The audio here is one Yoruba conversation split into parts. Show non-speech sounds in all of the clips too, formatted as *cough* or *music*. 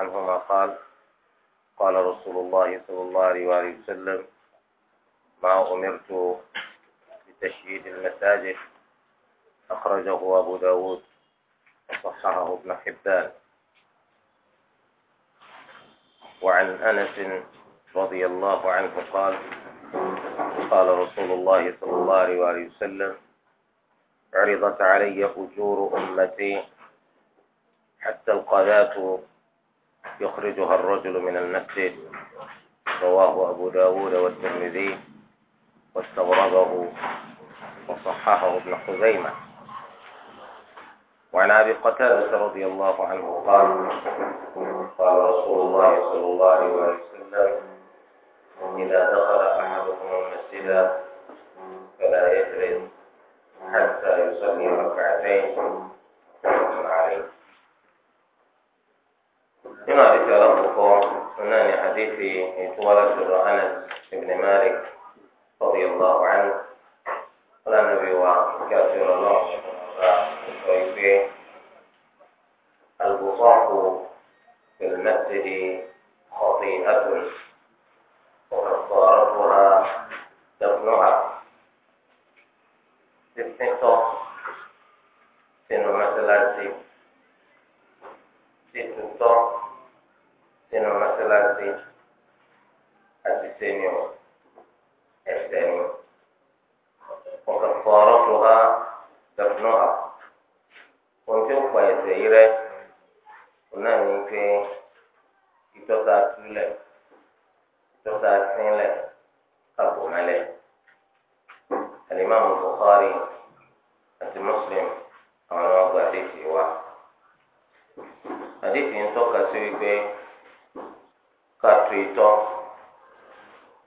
عنهما قال قال رسول الله صلى الله عليه وآله وسلم ما أمرت بتشييد المساجد أخرجه أبو داود وصححه ابن حبان وعن أنس رضي الله عنه قال قال رسول الله صلى الله عليه وآله وسلم عرضت علي أجور أمتي حتى القذاة يخرجها الرجل من المسجد رواه أبو داود والترمذي واستغربه وصححه ابن خزيمة وعن أبي قتادة رضي الله عنه قال قال رسول الله صلى الله عليه وسلم إذا دخل أحدكم المسجد àdéhìí ń tọ́ka sí wípé káàtó itọ́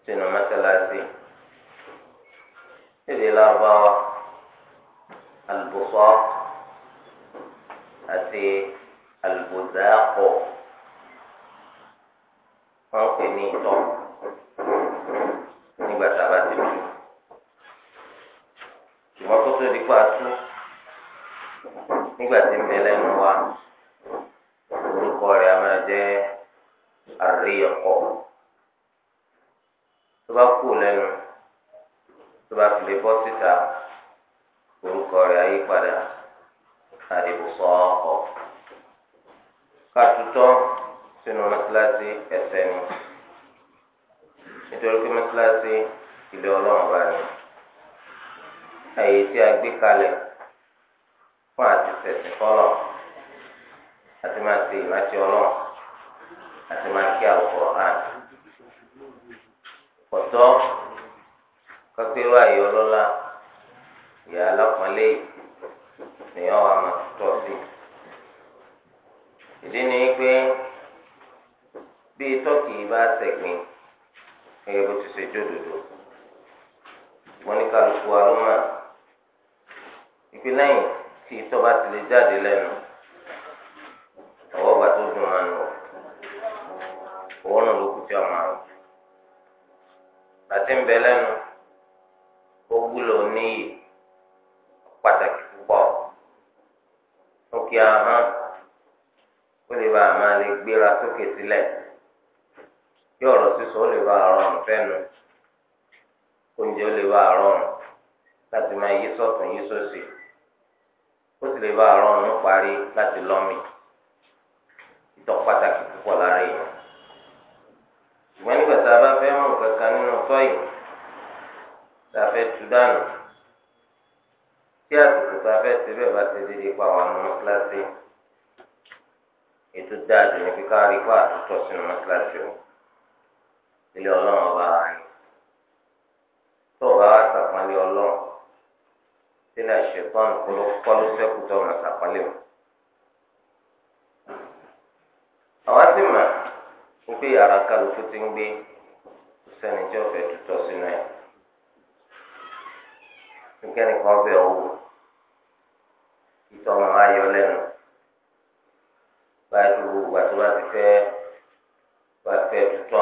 sínú mọ́sálásí èdè lárúbáwá àlùbọ́sọ́ àti àlùbọ́sàkọ̀ wọ́n pè ní itọ́ nígbà tá a bá ti tu ṣùgbọ́n kó tó di pa tu nígbà tí ń bẹ lẹ́nu wa. orúkọ rẹ̀ a máa jẹ́ àríyànjọ tó bá kú lẹ́nu tó bá fi lè bọ́ síta orúkọ rẹ̀ ayípadà àdìbòsọ ọ̀ kátútọ́ sínú mọ́tíláṣí ẹsẹ̀ ni nítorí pé mọ́tíláṣí ilé ọlọ́run bá ní àyè tí a gbé kalẹ̀ fún àti tẹ̀sí àti máa ṣe ìrántí ọlọ́run àti máa kí àwòrán hàn. ọ̀tọ́ kápẹ́rọ àyè ọlọ́lá ìyá alápọ̀nlé nìyẹn wà máa tọ́ sí. ìdí ni pé bí tọ́kì bá ṣẹ̀gbìn gẹ́gẹ́ bó ti ṣe jódodo wọ́n ní kálukú alómà ìpínlẹ̀ yìí tí ìtọ́ bá ti lè jáde lẹ́nu. àwọn ọba tó dùn máa ń lọ owó náà ló kù tí ọmọ àrùn bàtí ń bẹ lẹ́nu ó wúlò níyì pàtàkì púpọ̀ ó kí ahọ́n ó lè bá a lè gbéra sókè sílẹ̀ kí ọ̀rọ̀ sísọ ó lè bá a fẹ́nu oúnjẹ ó lè bá tọ́ pàtàkì púpọ̀ lára èèyàn ṣùgbọ́n nígbà tá a bá fẹ́ mọ̀ kankan nínú tọ́yì tá a fẹ́ tu dànù tí àsìkò tá a fẹ́ ti bẹ́ẹ̀ bá ti di di pa àwọn mọ́sálásí ètò dáadé ní kíkà rí pa àtúntò sínú mọ́sálásí o ilé ọlọ́run ọba wa ni tó o bá wá sàpọ́nlé ọlọ́run sílẹ̀ ṣetán kọlọ́sẹ́kù tó o máa sàpọ́nlé o. àwọn sì mà wípé yàrá kálukú ti ń gbé sẹ́ni tí ó fẹ́ sínú ẹ̀ nìkẹ́ni kan bẹ̀ ọ́ wò ọmọ ayọ̀ lẹ́nu báyìí tó gbogbo àti ti ti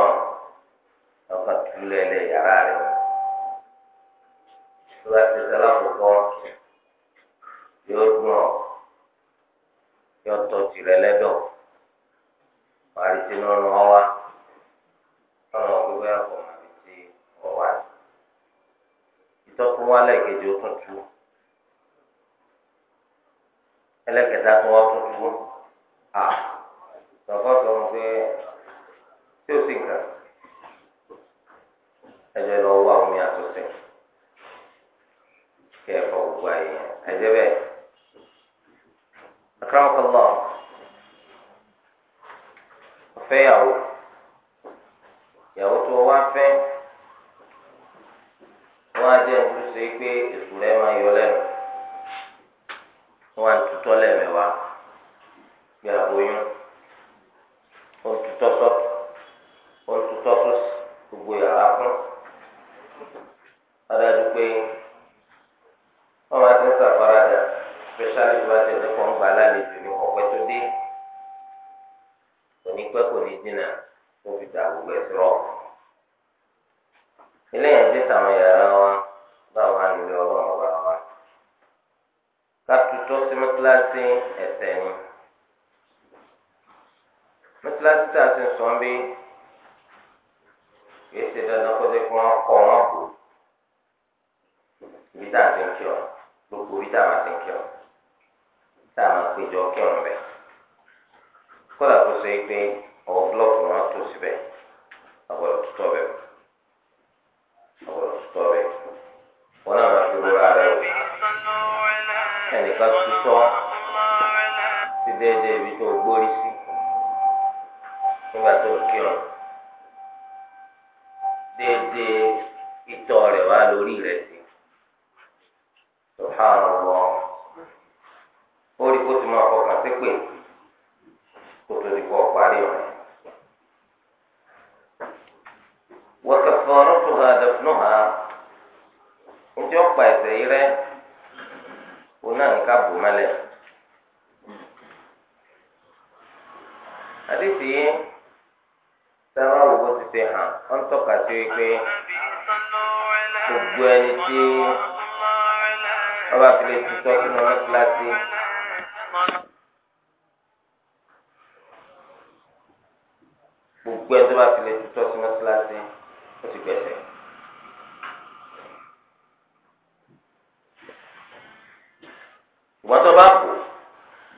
wọ́n bụ bá kú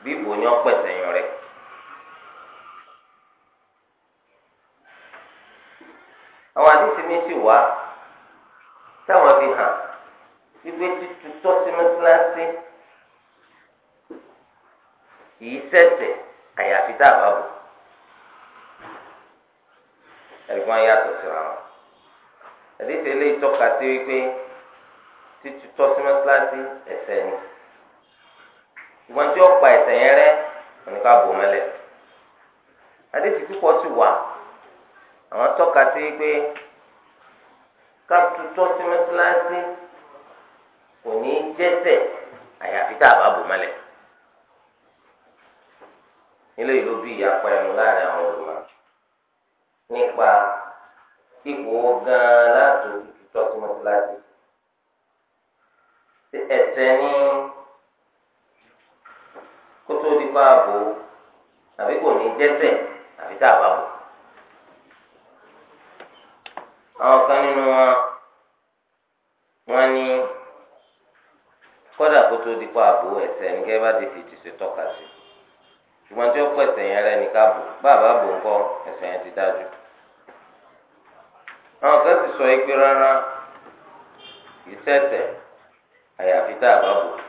bíbò pẹ̀sẹ̀ yàn rẹ̀. àwọn àdìsí mi sì wá táwọn fi hàn wípé tuntun tó sí mọ́sálásí kì sẹ̀sẹ̀ àyàfi tá ìwọ̀n tí ó pa ẹ̀sẹ̀ yẹn rẹ́ òníkà bò mẹ́lẹ̀ àdéhùn púpọ̀ sì wà àwọn tọ́ka sí pé ká tutọ́ sí mẹ́tíláńsì kò ní í jẹ́sẹ̀ àyàfi tá a bá bò mẹ́lẹ̀ nílé ìlú bí ìyapa ẹnu láàrin àwọn olùmọ̀ nípa ipò gan-an láti tutọ́ sí mẹ́tíláńsì ẹ̀sẹ̀ ní tó di pa àbò àbí kò ní jẹ́sẹ̀ àbí tá a bá bò. àwọn kan nínú wọn wọn ní kọ́dà kó tó di pa àbò ẹ̀sẹ̀ nìkẹ́ bá di fìtì sí tọ́ka sí ṣùgbọ́n tí ó pọ̀ ẹ̀sẹ̀ yẹn rẹ̀ nìka bò bàbá bò ń kọ́ ẹ̀sẹ̀ yẹn ti dájú. àwọn kan sì sọ ipe rárá ìṣẹ̀tẹ̀ àyàfi tá a bá bò.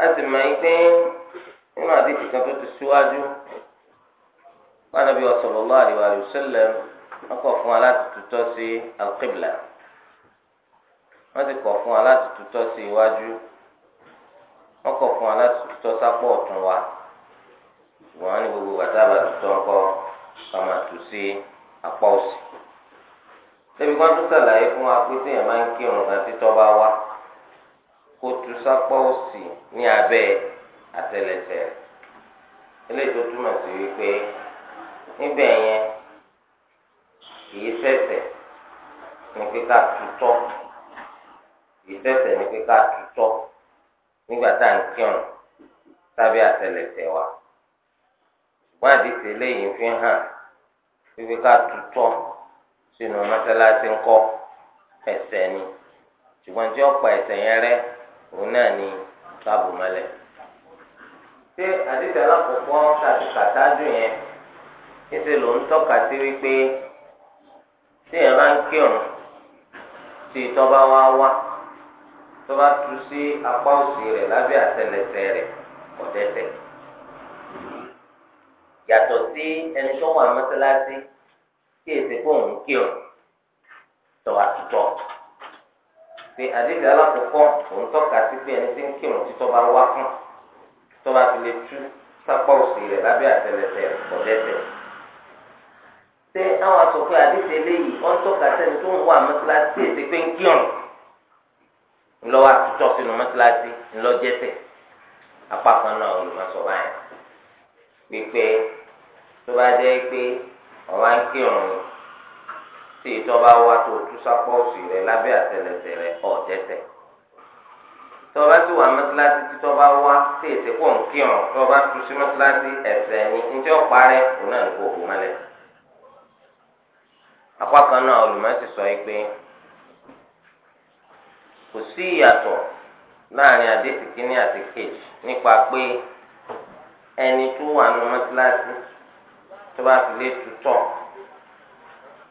láti mọ̀ yín pé nínú àdéhùn kan tó ti síwájú wọn àbí sallallahu alaihi wa sallam wọn kọ̀ fún wa láti tutọ́ sí al wọn ti kọ̀ fún wa láti tutọ́ sí iwájú wọn kọ̀ fún wa láti tutọ́ sápọ̀ ọ̀tún wa wọn ní gbogbo bàtà bàtà tutọ́ ńkọ́ kàmá tù sí apá òsì. débi kan tó sàlàyé fún wa pé máa ń bá wá. kó tu sápá òsì ní abẹ́ àtẹlẹsẹ̀ rẹ̀ eléyìí tó túmọ̀ sí wípé níbẹ̀ yẹn kìí ṣẹ̀ṣẹ̀ ní pé ká tutọ́ kìí ṣẹ̀ṣẹ̀ ní pé ká tutọ́ nígbà tá à ń kírun sábẹ́ àtẹlẹsẹ̀ wa ṣùgbọ́n àdìsí eléyìí fi hàn wípé ká tutọ́ sínú mọ́sálásí ńkọ́ ẹ̀ṣẹ̀ ni ṣùgbọ́n tí ó pa ẹ̀ṣẹ̀ yẹn rẹ́ òun náà ni báàbò mọ́lẹ̀. ṣé àdìsí alákọ̀ọ́kọ́ tàbí kàtájú yẹn níṣẹ́ ló ń tọ́ka sí wípé tí èèyàn bá ń kírun tí ìtọ́ba wá wá tó bá tu sí apá òsì rẹ̀ lábẹ́ àtẹlẹsẹ̀ rẹ̀ ọ̀dẹ́tẹ̀. yàtọ̀ sí ẹni tó wà mọ́sálásí kí èsì fóun kírun tọ́wà tutọ́ pé àdéhùn alákòókò òun tọ́ka sí pé ẹni tí ń kírun títọ́ bá wá fún tó bá fi lè tú sápá òsì rẹ̀ lábẹ́ àtẹlẹsẹ̀ ọ̀dẹ́tẹ̀. ṣé àwọn aṣọ pé àdéhùn eléyìí wọ́n tọ́ka sẹ́ni tó ń wà mọ́tíláṣí èsì pé ń kírun ńlọ́wọ́ àtútọ́ sínú mọ́tíláṣí ńlọ́jẹ́tẹ̀ apá kan náà olùmọ̀sọ báyìí pípẹ́ tó bá jẹ́ pé ọ̀wá ń kírun tí ìtọ́ba wa tó tú sápọ̀ rẹ lábẹ́ àtẹlẹsẹ̀ rẹ ọ̀tẹ̀tẹ̀ tọ́ba tí wà mẹ́tíláṣí tí tọ́ba wá tí èsì pọ̀ ń kírun tọ́ba tú sí mẹ́tíláṣí ẹ̀sẹ̀ ní ntí ọ̀pá rẹ òun náà ní kò mọ́lẹ̀. apá kan náà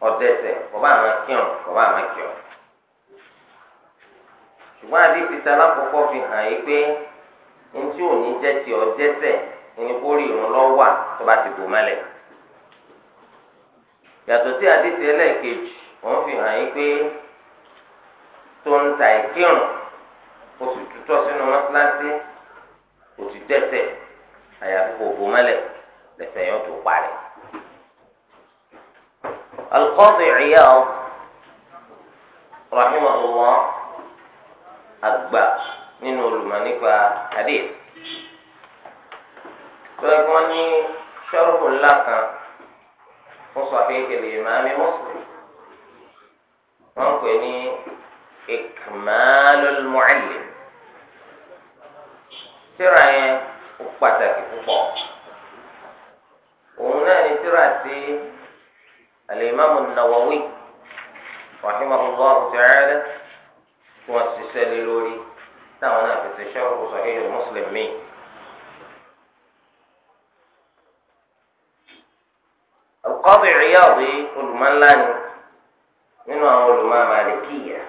ọ̀dẹ́sẹ̀ kọ̀bá àmà kíọ̀n kọ̀bá ṣùgbọ́n alákọ̀ọ́kọ́ fi hàn yí pé ntí òní jẹ́ ti ọ̀dẹ́sẹ̀ ní kó rí irun lọ́wà ti bò mọ́lẹ̀. yàtọ̀ sí àdìsí ẹlẹ́ẹ̀kejì wọ́n fi hàn yí pé tó ń ta ìkírun oṣù tútọ́ sínú kò ti dẹ́sẹ̀ àyàfi Al-Qadi Iyad rahimahullah àgbà nínú olùmọ̀ nípa hadith tọ́lá kí wọ́n ní sọ́rùkù ńlá kan fún sọ̀fíìkì lè máa ní mùsùlùmí wọ́n pè ní ikmalul mu'allim tíra yẹn ó pàtàkì púpọ̀ òun náà ní tíra tí. الإمام النووي رحمه الله تعالى هو مؤسس للولي تعالى في تشرح صحيح المسلم مين القاضي عياضي من لاني منه علماء مالكية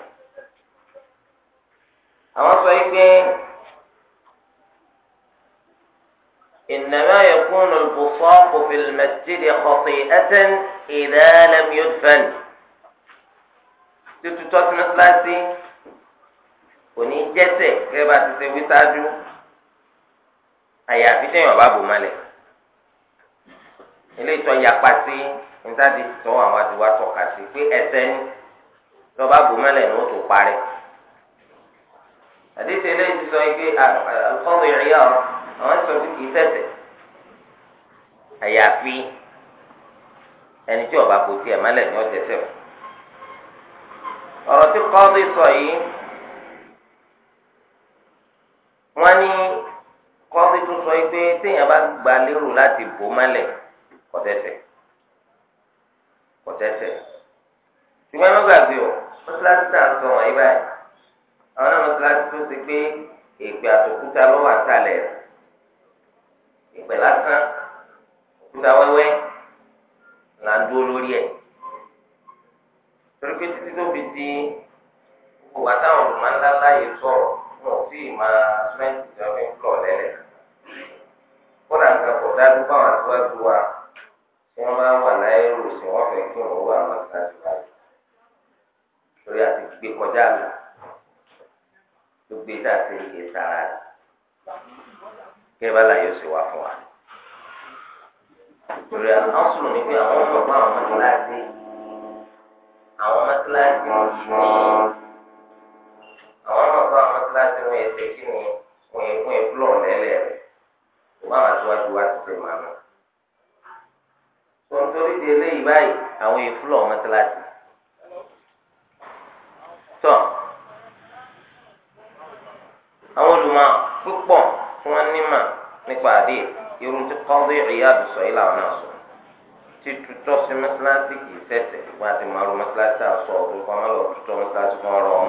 أما صحيح إنما يكون البصاق في المسجد خطيئة idha lam yudfan tuntun tọ́sí mọ́sálásí kò ní jẹ́sẹ̀ kẹ́rẹ́ bá ti ṣe wí sáájú àyàfi tẹ̀yìn ọ̀bá bò malẹ̀ ilé ìtọ́ yapa sí níta-dì tó àwọn àdìwá tọ́ka sí pé ẹsẹ̀ ní tọ́ba bò malẹ̀ ní o tó parẹ́ àdéhùn ilé ìtọ́ ike àkọ́wé ìrìyà àwọn sọ pé kì í sẹ̀sẹ̀ àyàfi ẹni tí ọba kò tiẹ̀ má lẹ̀ ní ọjọ́ ẹsẹ̀ o ọ̀rọ̀ tí kọ́ọ́dì sọ yìí wọ́n ní kọ́ọ́dì tó sọ yìí pé téèyàn bá gba lérò láti bò mọ́lẹ̀ kọ́tẹ́sẹ̀ kọ́tẹ́sẹ̀ ṣùgbọ́n ẹ má gbàgbé o mọ́sálásí tá à ń sọ wọ̀nyí báyìí àwọn náà mọ́sálásí tó ti pé èpè àtòkúta lọ́wọ́ àtàlẹ̀ ìpè lásán òkúta wẹ́wẹ́ là ń dúró lórí ẹ̀ torí pé títí tó fi di gbogbo àtàwọn olùmọ̀ ńlá láyé sọ̀rọ̀ wọn ò tí ì máa mẹ́tì tí wọ́n fi ń pọ̀ lẹ́lẹ̀ kódà nǹkan kò dájú báwọn àtiwájú wa tí wọ́n máa wà láyé rò sí wọ́n fẹ́ kí wọ́n wà mọ́tíláṣí báyìí torí àti gbé kọjá lọ gbogbo ìdá àti ìgbésà rẹ̀ kí ẹ bá láyé ó sì fún wa torí àlọ́sùn ni pé àwọn ọmọ bá àwọn mọ́tíláàsì àwọn mọ́tíláàsì wọn ní àwọn ọmọ bá àwọn mọ́tíláàsì wọn yẹ ṣe kí ni wọn yẹ fún ìfúlọ̀ lẹ́lẹ̀ rẹ̀ kó bá àwọn aṣáájú wa ti ṣe màmá. tó ń torí di eléyìí báyìí àwọn ìfúlọ̀ mọ́tíláàsì. tọ́ àwọn olùmọ̀ púpọ̀ tí wọ́n ní mà nípa àdéhùn. irun tí kọ́ńdé ìyáàdù sọ yìí làwọn náà sọ títútọ́ sí mẹ́sàlásì kì í sẹ̀sẹ̀ wọ́n ti máa ro mẹ́sàlásì sɔ ila máa sɔ ti tutɔ ọmọ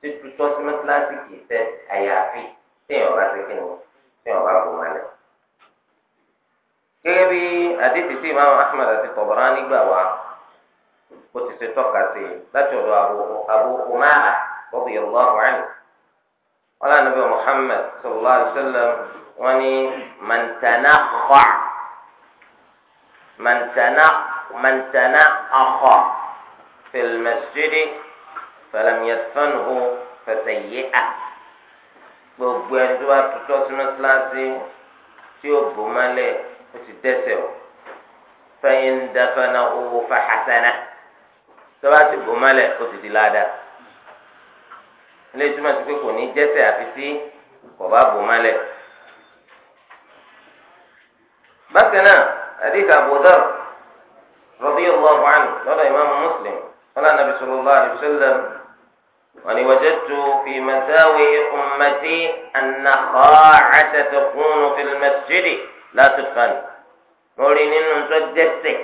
títútọ́ masalasi mẹ́sàlásì kì í sẹ̀ àyàfi téèyàn bá ti kíni o aso ma lɔ tutɔ masalasi tuto bí àdéhùn o ti tutɔ si masalasi àti Tabarani se ti wá bó ti kini ti teeyan ba bu ma lɛ. tọ́ka imaamu ahmed ati tabarani gba wa o ti se ọ̀dọ̀ Abu Umaama radiyallahu anhu. wọ́n lánàá bí muhammed sallallahu alaihi wa sallam wọ́n ní mantana xɔ mantana mantana axɔ fèlmẹsídì fèlmẹsánhó fẹsẹyé a gbogbo ẹni tó bá tutọ́ sínú kíláàsì tí ó bò mọ́lẹ̀ ó ti dẹ́ṣẹ̀ o fẹyìn dáfẹnà owó fàhásánà tó bá ti bò mọ́lẹ̀ ó ti di ládàá ilé ìtumọ̀ sí pé kò ní jẹ́ṣẹ̀ àfi sí kò bá bò mọ́lẹ̀ bákan náà àdìsí àbúdàr radiyallahu anhu lọ́dọ̀ ìmáàmù Muslim wọn náà nàbì sallallahu alaihi wasallam wọn ni wajadtu fi masawi ummati anna kha'ata takunu fil masjidi la tudfan lórí nínú tó dẹ́ṣẹ̀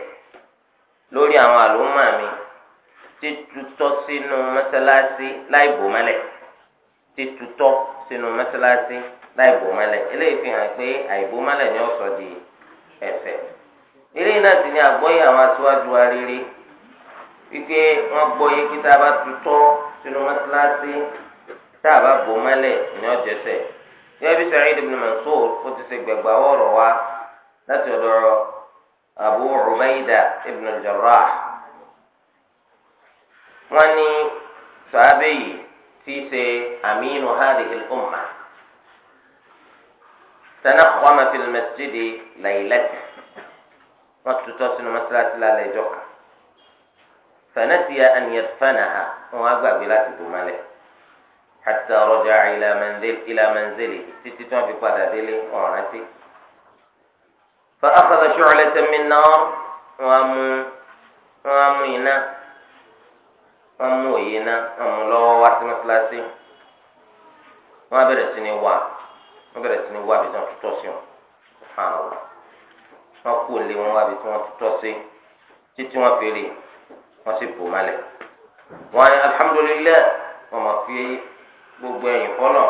lórí àwọn àlùmọ́ mi títútọ́ sínú mọ́sálásí láì bò mọ́lẹ̀ títútọ́ sínú mọ́sálásí láì bò mọ́lẹ̀ eléyìí fi hàn pé àìbò mọ́lẹ̀ ni ó sọ di ẹ̀ṣẹ̀ eléyìí náà sì ni àgbọ́yé àwọn aṣáájú wa wípé wọ́n gbọ́yé pé tá a bá tutọ́ sínú mọ́sálásí tá a bá bò mọ́lẹ̀ ní bí ti ṣe wa láti ọ̀dọ̀ Abu Ubaida ibn al-Jarrah wọ́n ní sàábẹ́yì ṣe aminu hadi تنقم في المسجد ليلة wọ́n tutọ́ sínú mọ́sálásí lálẹ́ ẹjọ́ kan fanasiya an yadfanaha wọn agbàgbé láti bò mọ́lẹ̀ hatta raja'a ila manzili títí tí wọ́n fi padà délé wọn rántí. fa akhadha shu'latan min nar wọn mú wọn mú iná wọn mú òye iná wọn mú lọ́wọ́ wá sí mọ́sálásí wọn bẹ̀rẹ̀ sí ni wà. wọ́n bẹ̀rẹ̀ sí ní wá ibi tí wọ́n tutọ́ sí wọn hàn wọ́n wọ́n kú lé wọn wá ibi tí wọ́n tutọ́ sí títí wọ́n fi rí wọ́n sì bò má lẹ̀ wọ́n ní alhamdulillah máa fi gbogbo ẹ̀yìn fọ́nà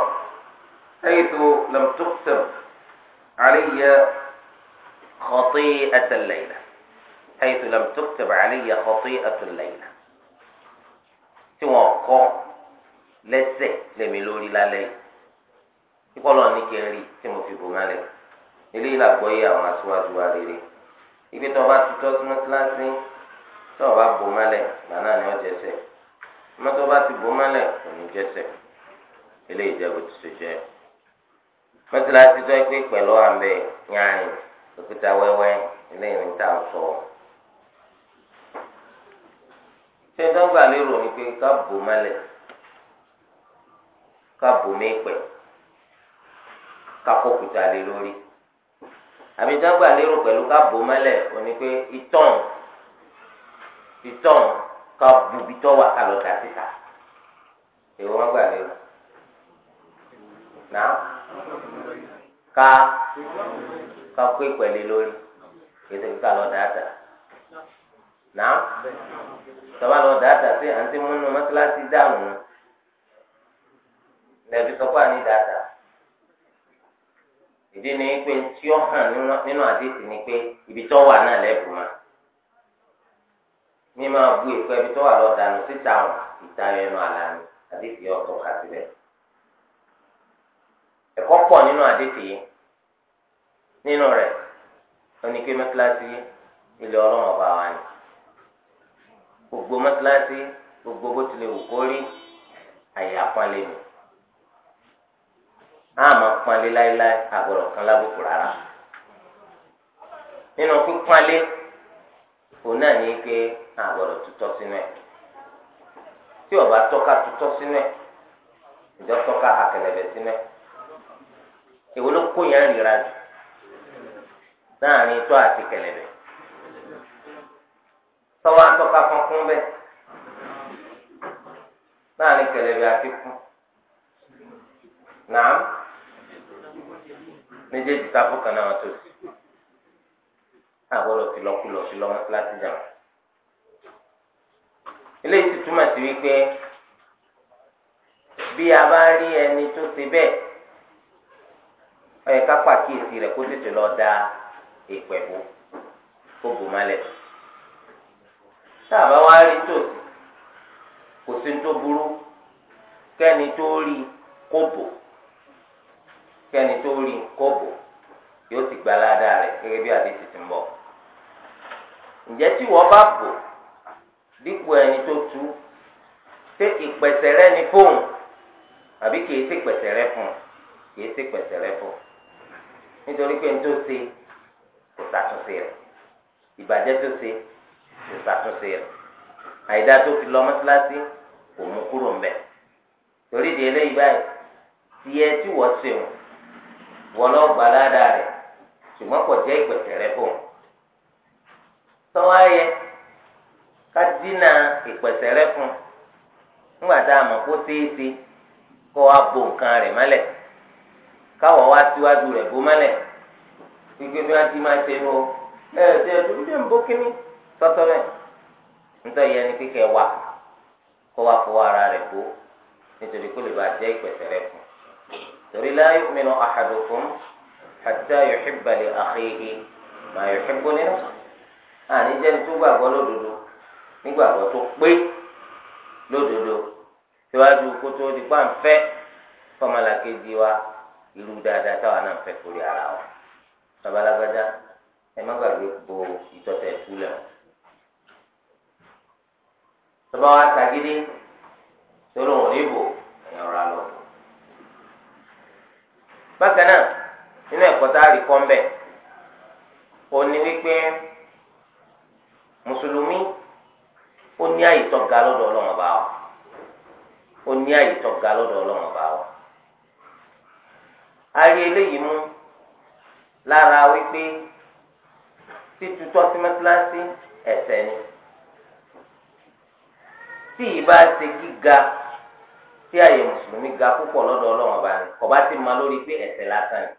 ẹ̀yìn tó lam tuqsam alayya khati'at al tó lam tuqsam alayya khati'at tí wọ́n kọ́ lẹ́sẹ̀ lèmi lórí lálẹ́ yìí. kíkọ́lọ́ ní kí n rí tí mo fi bò mọ́lẹ̀ eléyìí làgbọ́ yé àwọn aṣáájú wa rere ibi bá ti tọ́ sí mọ́tíláṣí tó bá bò mọ́lẹ̀ gbàná ni wọ́n jẹsẹ̀ ọmọ bá ti bò mọ́lẹ̀ kò ní jẹsẹ̀ eléyìí jẹ́ bó ti ṣe jẹ́ mọ́tíláṣí tó pé pẹ̀lú àmbẹ̀ yanrìn òkúta wẹ́wẹ́ eléyìí ní kakọ kuta lé lórí àbíjágbà lérò pẹ̀lú kábò mẹ́lẹ̀ òní pé ìtàn ìtàn ká bubi tọ́ wà kálọ̀ dà síta èwo wọn gbà lérò nà ká ká kó ìpẹ̀lẹ̀ lórí ètò kíkà lọ dáadáa nà tọ́ba lọ dáadáa sí àǹtí múnú mọ́tíláṣí dáhùn lẹ́bi sọ́kọ́ àní dáadáa. ìdí ni pé tí ó hàn nínú àdéhùn ni pé ibi tó wà náà ma máa bu ìfẹ́ ibi tó wà lọ dànù síta wọn ìtayọ ẹnu àlá àdéhùn yóò tó kà síbẹ̀ ẹ̀kọ́ pọ̀ nínú àdéhùn yìí nínú rẹ̀ oníke mẹ́tíláṣí ilé ọlọ́mọ bá Ah, ha ma n pale lai lai agboron kan labo korara nina ku pale o nani ike agboron tutɔ sine ti o ba toka tuto sine ido toka aherebe sine e wo lo koya iri raju naa ni to a ti kelebe sowa toka kankunbe naa ni kelebe a ti pu naa méjèèjì sáfù kan náà tó sí àgbọ̀dọ̀ sí lọ́kùlọ̀ sí lọ́mọ láti jà eléyìí ti túmọ̀ sí wípé bí a bá rí ẹni tó ṣe bẹ́ẹ̀ ó yẹ ká pàkíyèsí rẹ̀ kó tètè lọ da ìpẹ̀ kó bò mọ́lẹ̀ tá a bá wá rí tòsí kò sí ní tó burú kẹ́ni tó rí kó bò. kẹni tó rí nǹkan yóò sì gba aládàá rẹ̀ gẹ́gẹ́ bí adé ti ti ń bọ̀. ǹjẹ́ tí wọ́n bá bò dípò ẹni tó ṣé ìpẹ̀sẹ̀ rẹ ni fóun àbí kìí ṣe pẹ̀sẹ̀ rẹ fún kìí ṣe pẹ̀sẹ̀ rẹ fún nítorí pé ní tó ṣe kò ṣàtúnṣe rẹ̀ ìbàjẹ́ tó ṣe kò ṣàtúnṣe àìdá tó fi lọ kò di eléyìí báyìí tiẹ̀ tí wọ́n wọlé gbalada rẹ̀ ṣùgbọ́n kò jẹ́ ìgbẹ̀sẹ̀ rẹ fún yẹ ká dínà ìpẹ̀sẹ̀ rẹ fún nígbà tá a mọ̀ kó ṣeéṣe kó wa bo nǹkan rẹ̀ mọ́lẹ̀ káwọ̀ wá síwájú rẹ̀ bó mọ́lẹ̀ gbígbé bí wọ́n ti máa ṣe nu ẹ ẹ ṣe wa fọwọ́ ara rẹ̀ bó nítorí kó lè ba jẹ́ torí la yu'minu ahadukum hatta yuhibba li akhihi ma yuhibbu li nafsihi àní jẹ́ni tó gbàgbọ́ lódodo nígbàgbọ́ tó pé lódodo síwájú kótó di pàǹfẹ́ fọmọlàkejì wa irú dáadáa táwa náà fẹ́ kórè ara wa babalágbádá ẹ má gbàgbé bo ìtọ́tẹ̀ ìfúlẹ̀ tọ́ba wa tagídé torí òun ní ìbò ẹ̀yàn ọ̀rọ̀ àlọ́ bákan náà nínú ẹ̀kọ́ tá a rí kọ́ mbẹ́ ó ní wípé mùsùlùmí ó ní àyè tó ga lọ́dọ̀ ọlọ́wọ́n bá wa ó ní àyè tó ga lọ́dọ̀ ọlọ́wọ́n bá wa a rí eléyìí mú lára wípé títútọ́ sí mẹ́tíláṣí ni tí ì bá ṣe gíga tí àyè mùsùlùmí ga púpọ̀ lọ́dọ̀ ọlọ́run ọba ni kọba ti ma lórí pé ẹ̀ṣẹ̀ lásán ni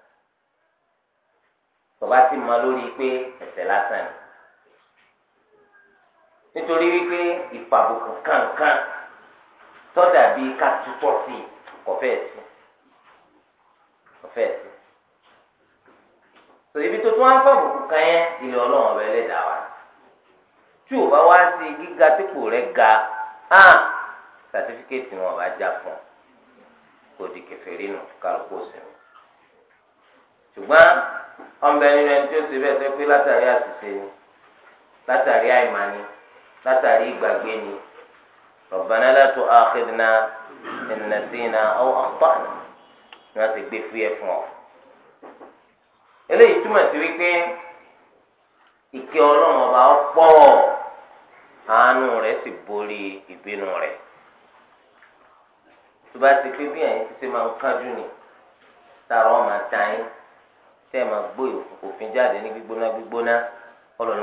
kọba ti ma lórí pé ẹ̀ṣẹ̀ lásán ni nítorí wípé ìfàbùkù kankan tọ́jà bíi ká túbọ̀ sí i kọfẹ́ ẹ̀sìn kọfẹ́ ẹ̀sìn tò ibi tó tún wá ń fàbùkù kan yẹn ilé ọlọ́run ọba ẹlẹ́dàá wa tí ò bá wá sí gíga tí kò rẹ̀ ga hàn. Ah, sàtífíkẹ́tì wọn bá já fún ọ kò di kẹfẹ́rì nù kálukú sinmi. ṣùgbọ́n ọ̀nbẹ nínú ẹni tí ó ṣe bẹ́ẹ̀ tó pé látàrí àṣìṣe ni látàrí àìmánì látàrí ìgbàgbé ni rabbana la tu'akhidhna in nasina aw akhta'na ni wọ́n ti gbé fúyẹ́ fún ọ. eléyìí túmọ̀ sí wípé ìkẹ́ ọlọ́run ọba ọ̀pọ̀ àánú rẹ̀ sì borí ìbínú rẹ̀. tó bá ti pé bí ẹ̀yin ti ṣe máa ń kájú ni tààrà ọmọ àtàyìn tẹ́ ẹ̀ máa gbó òfin jáde ní gbígbóná gbígbóná lórí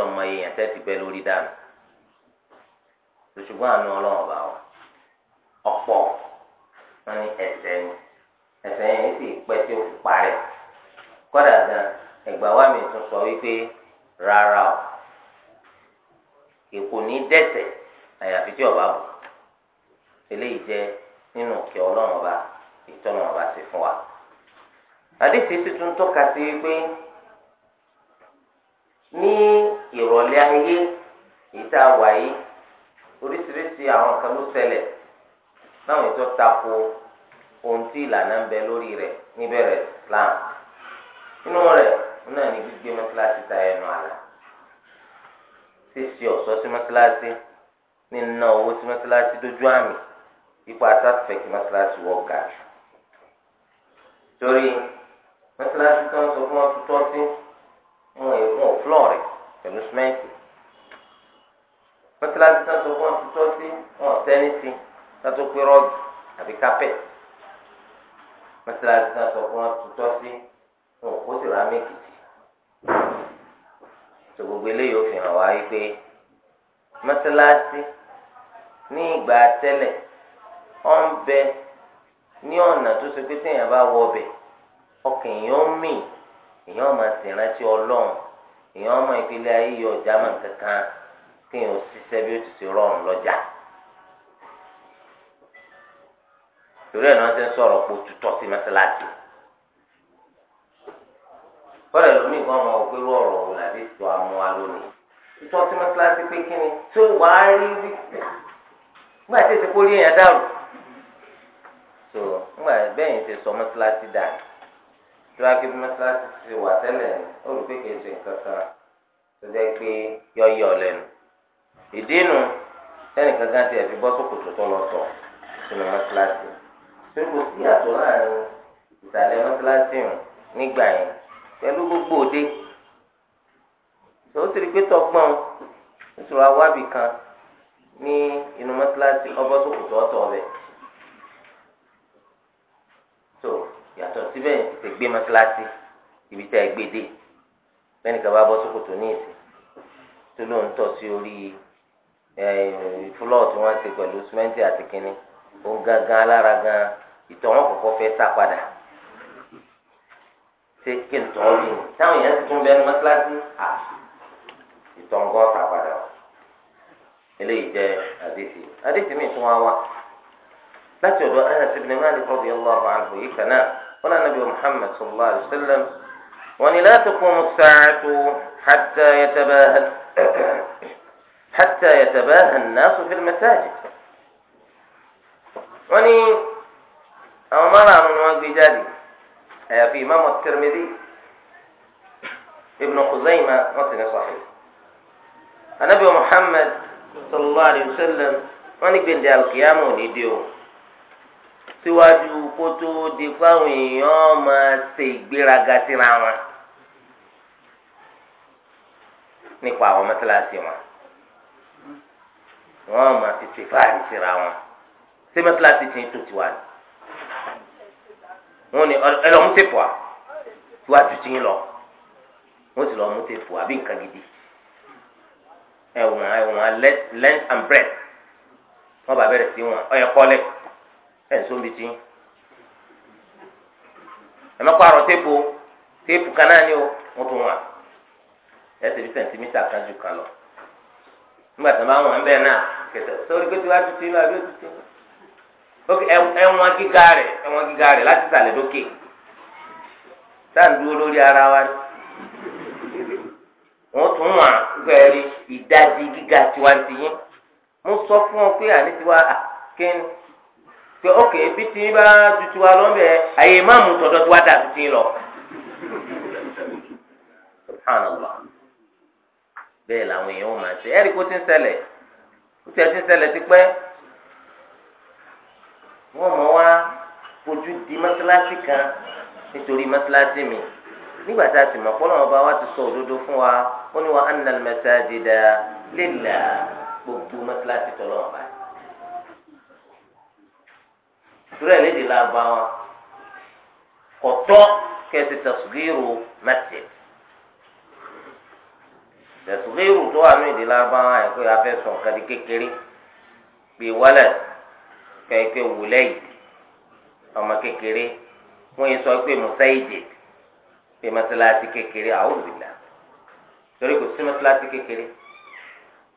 dànù àánú bá wọn ni ni yẹn sì tí ó fi gan o èkó ní àyàfi ọba eléyìí nínú òkè ọlọ́run ọba ìtọ́nà ọba ti fún wa. àdéhìí tuntun tọ́ka sí pé ní ìrọ̀lẹ́ ayé ìta wáyé oríṣiríṣi àwọn kan ló ṣẹlẹ̀ láwọn ètò tako ohun tí ìlànà ń bẹ lórí rẹ̀ níbẹ̀rẹ̀ Islam nínú rẹ̀ náà ní gbígbé mọ́tíláṣí ta ẹnu àlà ṣíṣe ọ̀ṣọ́ sí mọ́tíláṣí nínú owó sí mọ́tíláṣí dójú àmì ipa sáfẹ̀kì mọ́sálásí wọ́ ga jù torí mọ́sálásí tó ń sọ fún wọn tuntun sí wọn èèmọ̀ flọ́ọ̀rì pẹ̀lú sìmẹ́ǹtì mọ́sálásí tó ń sọ fún wọn tuntun sí wọn tẹ́ni sí tátó pé rọ́ọ̀gì àbí kápẹ́tì mọ́sálásí tó ń sọ fún wọn tuntun sí wọn kó sì rámẹ́kì sí tó gbogbo eléyìí ó fi hàn wá yí pé mọ́sálásí ní ìgbà tẹ́lẹ̀ bẹ ní ọ̀nà tó ṣe pé téèyàn bá wọ ọbẹ̀ ọkàn èèyàn ń mì èèyàn máa sì rántí ọlọ́run èèyàn máa ìpele ayé yọ ọjà máa kankan kéèyàn ó ṣiṣẹ́ bí ó ti ṣe rọrùn lọ́jà. torí ẹ̀ náà ṣe ń sọ̀rọ̀ pé òtútọ́ sí bọ́lá ìlúmi kan òun òtútọ́ sí pé kí ni tó wàá rí nígbà bẹ́yìn ṣe sọ mọ́sálásí dà tí wọ́n á ké bí mọ́sálásí ṣe wà tẹ́lẹ̀ olùpẹ̀kẹ̀ ṣe nǹkan kan tó jẹ́ pé yọ̀yọ̀ lẹ́nu ìdí nu tẹ́nìkan kan ti ẹ̀fi bọ́ sókòtò tó lọ sọ sínú mọ́sálásí tó kò sí àtọ̀ láàrin ìsàlẹ̀ mọ́sálásí hàn nígbà yẹn pẹ̀lú gbogbo òde tó ti rí pé tọgbọ́n nítorí awábì kan ní inú mọ́sálásí ọbọ̀ sókòtò ọ̀tọ̀ ọ̀bẹ̀ yàtọ̀ síbẹ̀ ìpè gbé mọ́sálásí ibi tá ẹ gbé dé bẹ́ẹ̀ni kaba bọ́ sókòtò ní ìsìn tó ló ń tọ̀ sí orí fúlọ́ọ̀ tí wọ́n ṣe pẹ̀lú símẹ́ǹtì àti kínní òun gangan alára gan ìtọ̀ wọn kọ̀kọ́ fẹ́ sá padà ṣé kí n tọ́ bí táwọn èèyàn ti tún bẹ́ẹ̀ ní mọ́sálásí à ìtọ̀ ń gọ́ sá padà eléyìí jẹ́ àdéhìí àdéhìí mi tún wá wá. بتعد أنس بن مالك رضي الله عنه يتنا ولا نبي محمد صلى الله عليه وسلم وأني لا تقوم الساعة حتى يتباهى *coughs* حتى يتباهى الناس في المساجد وأني أمر من وجه جدي في إمام الترمذي ابن خزيمة متن صحيح النبي محمد صلى الله عليه وسلم وأني بين القيام والديوم síwájú kó tó di fáwọn èèyàn máa ṣe ìgbéraga síra wọn nípa àwọn mọ́sálásí wọn wọn máa fi ṣèfáàrí síra wọn ṣé mọ́sálásí ti ń tó tiwa ni wọn ni ẹ lọ mú tèpù à síwájú ti ń lọ wọn sì lọ mú tèpù àbí nǹkan gidi ẹ wọn ẹ and breadth wọn bá bẹ̀rẹ̀ sí wọn ọ yẹ ẹ̀ sóbi tí ẹ má pààrọ̀ téèpù téèpù kan náà ni ó wọ́n tún wà ẹ̀ sì bí kan kan lọ nígbà tí bá bẹ́ẹ̀ náà kẹsẹ sórí inú ok ẹ̀wọ̀n gíga rẹ̀ gíga láti ara wa ni wọn tún wà pẹ̀lú ìdajì gíga tiwantiyin mo sọ fún tiwa pé ok, bí tí bá tutù wa lọ́bẹ̀ àyè máàmù tọ̀dọ̀ tí wá dà tutù yín lọ. subhanallah bẹ́ẹ̀ làwọn èèyàn ò máa ṣe ẹ̀rí kó ti ń ṣẹlẹ̀ kó ti ẹ̀ ti ń ṣẹlẹ̀ ti pẹ́ wọ́n mọ̀ wá ojú di mọ́sálásí kan nítorí mọ́sálásí mi nígbà tá a sì mọ̀ pọ́nlọ́ ọba wa ti sọ òdodo fún wa ó ní wa annal masajida lillah gbogbo mọ́sálásí tọ́lọ́ ọba ìṣúra ìlédè làbá wọn kọtọ kẹsì tẹsùgìrù mẹsì tẹsùgìrù tó wà ní ìdè làbá wọn ẹkọ afẹ sọ nǹkan di kékeré pé wálẹ kẹkẹ wùlẹ yìí ọmọ kékeré wọn yìí sọ pé musa ìdè pé mẹsàlásì kékeré àwọn òbílà torí kò sí mẹsàlásì kékeré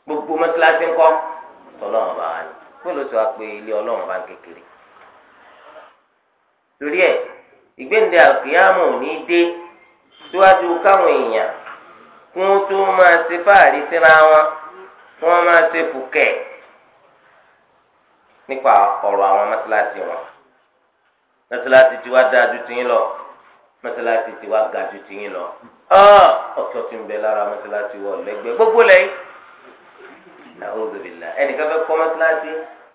gbogbo mẹsàlásì ńkọ́ tọlọ́run bá wà ní kó ló sọ pé ilé Ọlọ́run kékeré. torí ẹ ìgbéǹde àlùkìyàmù ní dé síwájú káwọn èèyàn kí tó máa ṣe fáàrí síra wọn kí máa ṣe fùkẹ́ nípa àwọn wọn tiwa dáa ju lọ mọ́sálásí tiwa ga ju lọ ah, ọ̀tọ̀ tí ń bẹ lára mọ́sálásí gbogbo lẹ́yìn na ó bèbè la ẹnìkan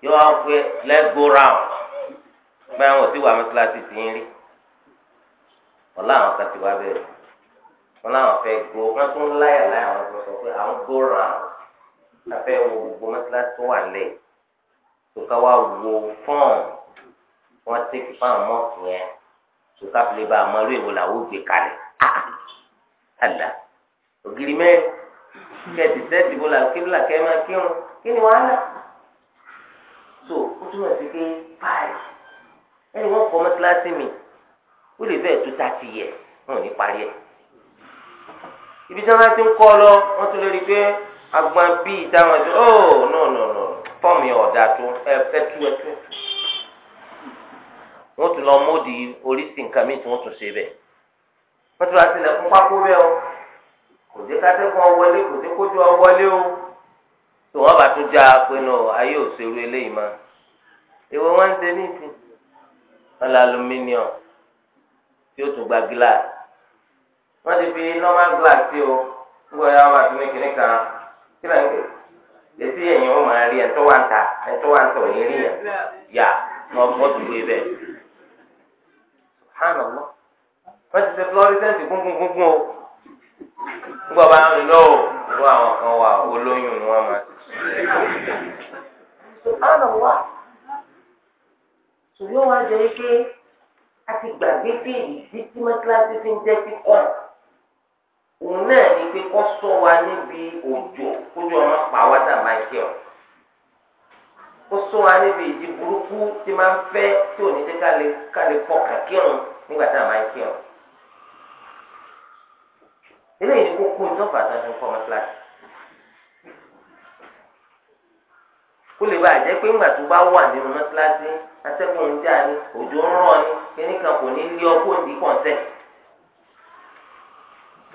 yóò wá let's gbé àwọn tí wà mọ́sálásí ti ń rí wọn láwọn kan ti wá bẹ́ẹ̀ wọn láwọn fẹ́ gbó wọn tún láyà láyà wọn tó sọ pé àwọn gbó ràn án afẹ́ wo gbogbo mọ́sálásí tó wà lẹ̀ tòká wá wo fọ́ọ̀n wọn ti fi fáwọn mọ́ọ̀kì yẹn tòká fi lè àmọ́ ìlú èwo làwọn ò gbé kalẹ̀ ah! àdá ògiri mẹ́rin kẹ́ẹ̀tì sẹ́ẹ̀tì bó la kébìlà kẹ́ẹ̀ kírun kí ni wàhálà so ó túmọ̀ sí pé báyìí ẹni wọ́n kọ́ mọ́tíláṣí mi ó lè bẹ́ẹ̀ tó tààtì yẹ wọn ò ní parí ẹ̀. ibi tí wọ́n ti ń kọ́ lọ wọ́n tún lè rí i pé agbọn bíi táwọn ẹ̀sìn ó oh, nọ nọ nọ fọ́ọ̀mù yẹn ọ̀dà tó ẹ tú ẹ tú ẹ tú. wọ́n tún lọ módì oríṣi nǹkan míì tí wọ́n tún ṣe bẹ́ẹ̀. wọ́n tún lọ sílẹ̀ fún pákó bẹ́ẹ̀ o kò dé kátẹ́kọ̀ọ́ wọlé kò dé kójú ọ wọlé o tí wọ́n bá tún já pinnu ayé òṣèlú eléyìí mọ́. ìwọ wọn ń ṣe ní ìsìn aluminium tí ó tún gba glass wọ́n ti fi normal glass tí o ń gbé lẹ́sí ẹ̀yìn ó máa rí ẹ̀tọ́ wà ń ta ẹ̀tọ́ wà ń tọ̀ yín rí yàn yà wọ́n bọ́ ti wé bẹ́ẹ̀ hàn lọ́ wọ́n ti ṣe fluorescence gúngúngúngún o nígbà bá ń lọ o àwọn kan wà sùn yóò jẹ́ pé a ti gbàgbé pé ìdí tí mọ́tíláṣí fi ń jẹ́ kíkọ́ òun náà ni pé kọ́ sọ wa níbi òjò kójú ọmọ pa wá dà michael kó sọ wa níbi ìdí burúkú tí máa ń fẹ́ tí ò ní jẹ́ ká lè fọ kàkírun nígbà tá a michael eléyìí ni kókó ìtọ́fà tó ń fọ kó lè bàa jẹ́ pé ńgbà tó bá wà nínú mọ́sálásí atẹ́gùn ní òjò ń rọ̀ ní kíní kan kò ní lé ọkọ̀ òǹdí kọ̀ǹtẹ̀.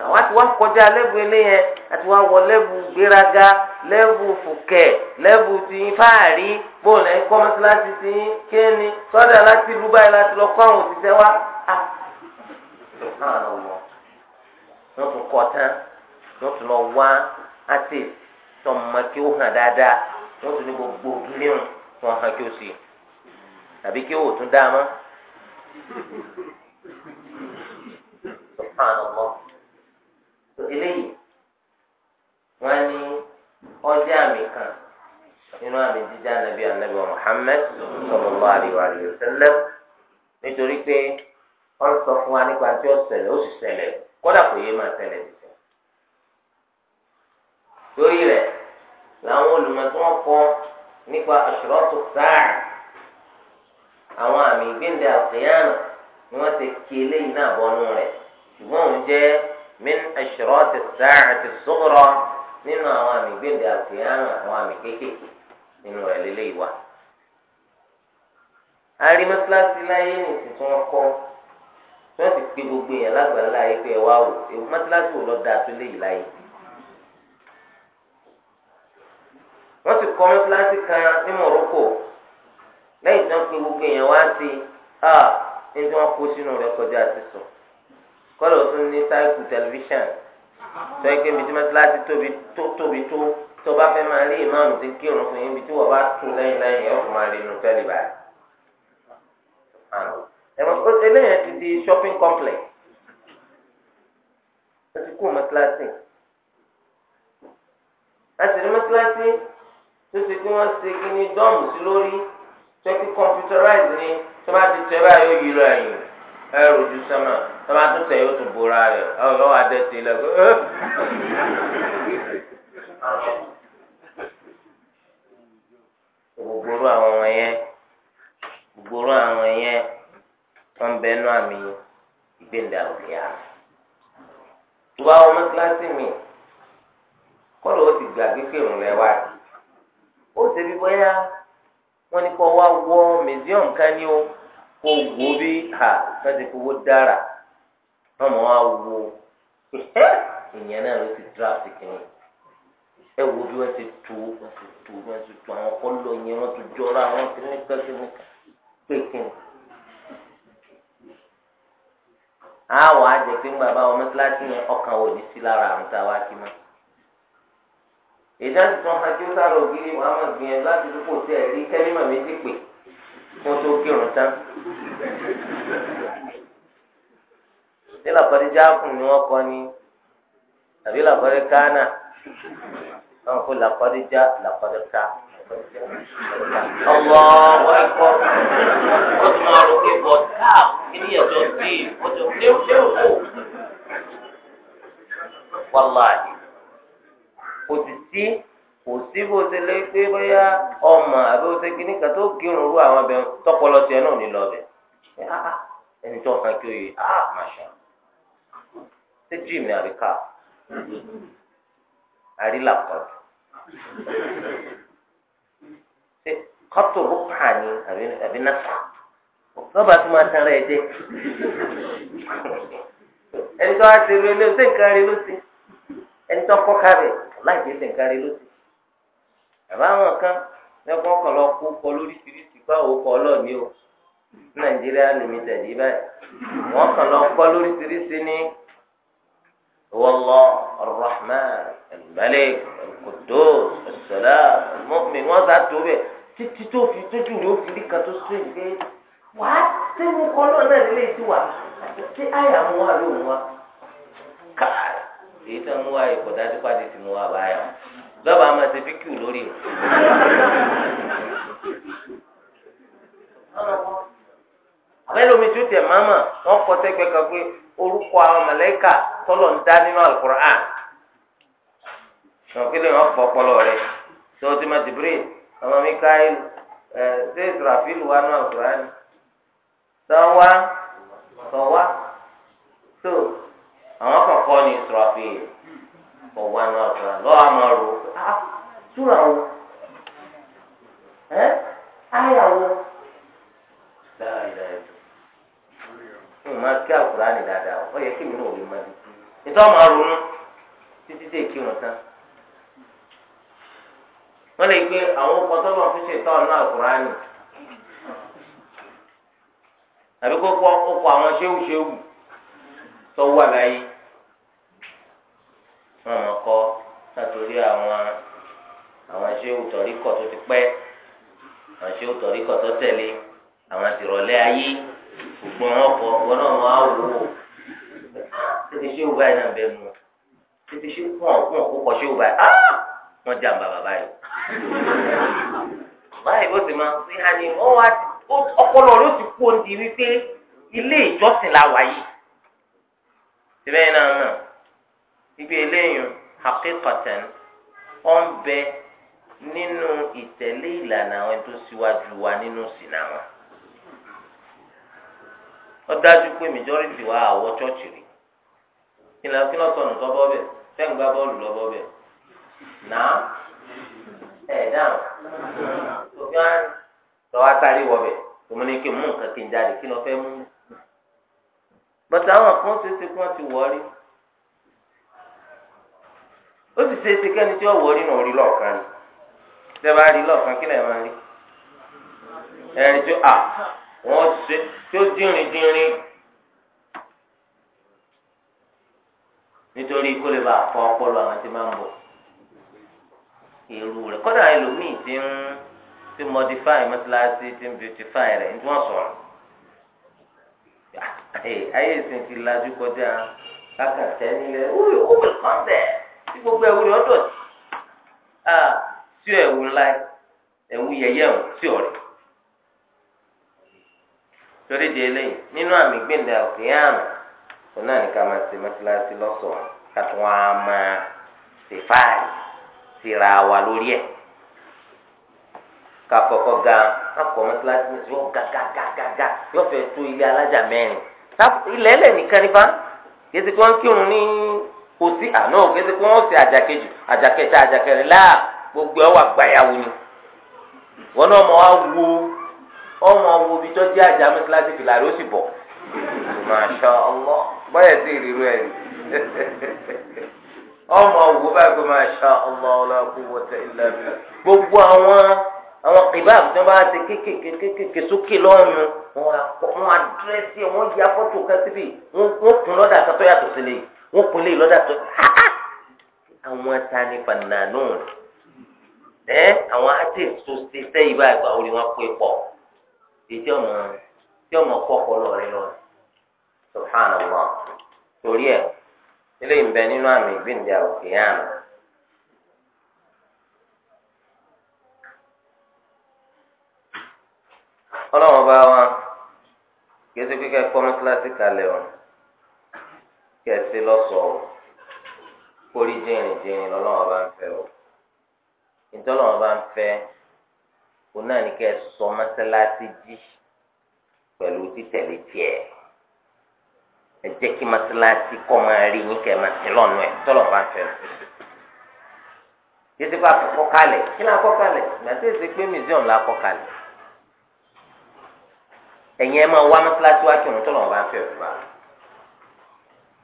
àwọn àti wá kọjá lẹ́bù eléyẹn àti wá wọ lẹ́bù gbéraga lẹ́bù fùkẹ̀ lẹ́bù ti fáàrí ti kíni sọ́dà láti báyìí láti lọ kọ́ àwọn òṣìṣẹ́ wa. wọ́n tún kọ wọ́n tún ní gbogbo ògiri hàn wọ́n hàn kí ó sì tàbí kí ó tún dáa mọ́. eléyìí wọ́n ní ọjọ́ àmì kan nínú àmì jíjá nàbí ànábì Muhammad sallallahu alaihi wa sallam nítorí pé wọ́n sọ fún wa nípa tí ó ṣẹlẹ̀ ó sì ṣẹlẹ̀ kódà kò yé máa ṣẹlẹ̀ nìkan. rẹ̀. làwọn olùmọ̀tí wọn kọ nípa aṣọ́rọ́tò sáà àwọn àmì ìgbéǹde àṣeyàn ni wọ́n ti kí eléyìí náà bọ́nú rẹ̀ ṣùgbọ́n òun jẹ́ min aṣọ́rọ́tò sáà ti sọ́rọ̀ nínú àwọn àmì ìgbéǹde àṣeyàn àwọn àmì kéékèèké nínú rẹ̀ lélẹ́yìí wà. àrí mọ́sálásí láyé nìsí tí wọ́n kọ́ tí wọ́n ti pe gbogbo èèyàn lágbàá láyé pé ẹ wá wò mọ́sálásí wò lọ́ọ́ da tó léyìí láyé. wọ́n sì kọ́ mẹ́tíláṣí kan ní Morocco lẹ́yìn tí wọ́n pe gbogbo èèyàn wá sí a ní tí wọ́n kó sínú rẹ̀ kọjá sísun kọ́lọ̀ tún ní táìkù tẹlifíṣàn sọ pé ibi tí mẹ́tíláṣí tóbi tó tóbi tó tó bá fẹ́ máa rí ìmáàmù tí ń kírun fún yín ibi tí wọ́n bá tún lẹ́yìn lẹ́yìn yóò fún máa rí inú tẹ́lẹ̀ báyìí. ẹ̀wọ̀n eléyàn ti di shopping complex ó ti kú mẹ́tíláṣí. a sì rí mẹ́tíláṣí tó ṣe tí wọ́n ṣe kí ni dọ́ọ̀mù sí lórí tó kí computerize ni tó bá ti tẹ báyìí ó yí rẹ̀ yìí ẹ rojú sẹ́mà tó bá tún tẹ̀ yóò tún bora rẹ̀ ẹ ọ̀ wá dẹ́ tẹ lẹ́kọ̀ọ́ ẹ́. gbogbooru àwọn ọmọ yẹn gbogbooru àwọn ọmọ yẹn wọn bẹ nú àmì ìgbéǹda òkèèyà tó bá wọn mọ kíláàsì mi kọ́ ló ti gbàgbé pé òun lẹ ó ṣe bí bóyá wọ́n ní kó wá wọ mẹsíọ̀n kan ní o kó wo bí ha wọ́n ti fowó dára wọ́n mọ̀ wá wo ìyẹn náà ló ti draft kìíní ẹ wo bí wọ́n ti tu wọ́n ti tu wọ́n ti tu àwọn kọ́lọ̀ yẹn wọ́n ti jọra wọ́n ti ní kẹ́kẹ́ kékin àwọn àjẹpé bàbá wọn mẹ́tíláṣí yẹn ọkàn ò ní sí lára àmúta wa kí mọ́ ìdájọ́ tó hàn kí ó sára ògiri wọn á máa gbìyànjú láti dúpọ̀ sí ẹ̀rí kẹ́límà méjì pè kó tó kírun tán. ṣé làkọ́dé jákùn ni wọ́n kọ́ ni tàbí làkọ́dé kánà wọn kó làkọ́dé já làkọ́dé ká. ọmọ ọwọ́ ẹ̀kọ́ ó ti máa rò bọ̀ táà kí ni ẹ̀jọ̀ bíi ó ti ṣé ó ṣé ó wò òtítí kò sí bó ṣe lé pé bóyá ọmọ àbí oṣù kìíní kan tó kírun rú àwọn abẹ tọpọlọ tiẹ̀ náà nílò ọbẹ ah, ah, ẹni tó nǹkan kí o yè ah masha ṣé jíìm ní àríkà àrílà pọ̀jù ṣe kọ́tò rúkà ni àbí nàfà lọ́ba tó máa tán rẹ̀ dé ẹni tó wá ti rí ilé ṣé nǹkan rí ló ti ẹni tó kọ́ ká láì fi sìn kárí ló ti àbá àwọn kan lẹ́kọ̀ọ́ kan lọ kó kọ lóríṣiríṣi báwo kọ ọlọ́ọ̀ni o nàìjíríà limited yìí báyìí wọ́n kàn lọ kọ lóríṣiríṣi ní wọlọ rahman malik kudus salam mọ́mí wọ́n sá tó bẹ̀ títí tó fi tójú rẹ̀ fi rí kan tó sóyè pé wàá tẹ́wọ́ kọ́ lọ́ọ̀ náà nílé ìtiwà àti tí àyà mú wa lóun wa káà. èyí tó ń wá ipò dájú pàdé ti mú wa báyà lọ́ba àmọ́ ti fi kíw lórí o. abẹ́lómi tó tẹ̀ máma wọ́n kọ́ sẹ́gbẹ́ kan pé orúkọ àwọn màláíkà tọ́lọ̀ ń dá nínú Al-Qur'an. sọ̀rọ̀ kí lè fọ ọpọlọ rẹ̀ tó ti ma Jibril ọmọ Mikael àwọn kọ̀ọ̀kan ní Israfil ọ̀wá náà tó lọ́ àmọ́ ro súra wo ẹ́ wo dáadáa mo máa kí àkùrá ni dáadáa ó yẹ kí mi náà lè máa di ìtọ́ máa ronú títí dé kí tán wọ́n lè gbé àwọn àwọn tó wọn mọ kọ látòrí àwọn àwọn ṣéwù tọ̀ríkọ̀ tó ti pẹ́ àwọn ṣéwù tọ̀ríkọ̀ tó tẹ̀lé àwọn àtìrọ̀lẹ́ ayé gbogbo wọn kọ wọn náà wọn á wò ó títí ṣéwù báyìí náà bẹ́ẹ̀ mú títí ṣéwù kún ọ̀kún ọ̀kún kọ ṣéwù báyìí wọn ti kú òǹdí wípé ilé ìjọsìn la síbẹ̀ náà ibi eléyìí hakikatan ó ń bẹ nínú ìtẹ̀lé ìlànà àwọn tó síwájú wa nínú sìnà wọn ó dájú pé majority wa àwọ chọ́ọ̀chì rí ìlànà kí lọ́sọ̀ nǹkan bọ́ bẹ̀ fẹ́ǹ gbá bọ́ọ̀lù lọ́bọ̀ bẹ̀ nà ẹ̀ dáhùn tòkí wọn tọ́wọ́ sáré wọ bẹ̀ tòmọ́ ní kí n mú nǹkan kí n jáde kí lọ́ fẹ́ mú bàtà àwọn kan ṣe é ṣe kí wọ́n ti wọ̀ ọ́ rí ó sì ṣe é ṣe kẹ́ni tí ó wọ nínú orí lọ́ọ̀kan rí tẹ́bá rí lọ́ọ̀kan kí lẹ́ẹ̀ máa rí ẹ̀rín tó à wọ́n ṣe tó dínrín dínrín nítorí kó lè bá àfọ ọpọlọ àwọn tí máa ń bọ̀ èrú rẹ̀ kọ́dà ẹlòmíì ti ń ti modify mọ́tíláṣí ti ń beautify rẹ̀ ní wọ́n sọ̀rọ̀ ayé ìsìn ti lajú kọjá kákàtẹ́ nílẹ̀ ó yẹ kọ́ńtẹ̀ tí gbogbo ẹ̀wù rẹ̀ ọ̀dọ̀ à tí ẹ̀wù ńlá ẹ̀wù yẹ̀yẹ̀ ọ̀ tí ọ̀rẹ́ torí di eléyìí nínú àmì gbẹ̀ndẹ̀ àlùkìyàmù òun náà ní ká máa ṣe mọ́tíláṣí lọ́sọ̀ọ́ ká tún wá máa ṣe fáàlì síra wa lórí ẹ̀ ká kọ́kọ́ ga ká kọ́ mọ́tíláṣí yóò ga ga ga ga ga yóò fẹ́ tó ilé alájà mẹ́rin ilẹ̀ ẹlẹ́ nìkan nípa yẹ́sì kí wọ́n kírun ní kò sí àná òkè sí pé wọ́n ṣe àjàkejì àjàkẹta àjàkẹrin láà gbogbo ẹ̀ wà gbàyàwó ni wọn náà mọ wá wo ọmọ wo bí tọ́jú àjà mẹ́tíláṣí fìlà rẹ̀ ó sì bọ̀ masha allah bọ́yẹ̀ sí ìrírú ẹ̀ rí ọmọ wo báyìí pé masha allah la quwwata illa billah gbogbo àwọn àwọn kìbáà tí wọ́n bá ti kékèké kékèké sókè lọ́rùn wọn àdírẹ́sì wọn yí afọ́tò kan síbi wọn kún lọ́dà kan tó yàtọ̀ sílẹ̀ yìí wọ́n pin lé lọ́dà tó àwọn atani fananu ẹ àwọn artist tó ṣe sẹ́yìn báyìí gba orí wọn pé pọ̀ ètí ọmọ tí ọmọ kọ́kọ́ lọ rí lọ subhanallah torí ẹ eléyìí ń bẹ nínú àmì ìgbìndé àwòkè yẹn àná. ọlọ́run bá wa kí ẹ ti pé ká ẹ kọ́ kalẹ̀ ọ̀hún kẹsí lọ́sọ̀ọ́ kórí jìnrìnjìnrìn lọ́lọ́wọ́ bá ń fẹ́ o ìtọ́lọ́wọ́ bá ń fẹ́ o náà ní kẹ́ sọ mọ́sálásí jí pẹ̀lú títẹ̀lé tiẹ̀ ẹ jẹ́ kí mọ́sálásí kọ́ máa rí yín kẹ́ máa ti lọ́nu ẹ̀ tọ́lọ́wọ́ bá ń fẹ́ o yìí ti bá kọ́kọ́ kalẹ̀ kí ló kọ́ kalẹ̀ gbàtí èsì pé museum la kọ́ kalẹ̀ ẹ̀yin ẹ máa wá mọ́sálásí wá kí òun tọ́lọ́wọ́ bá ń fẹ́ o fún wa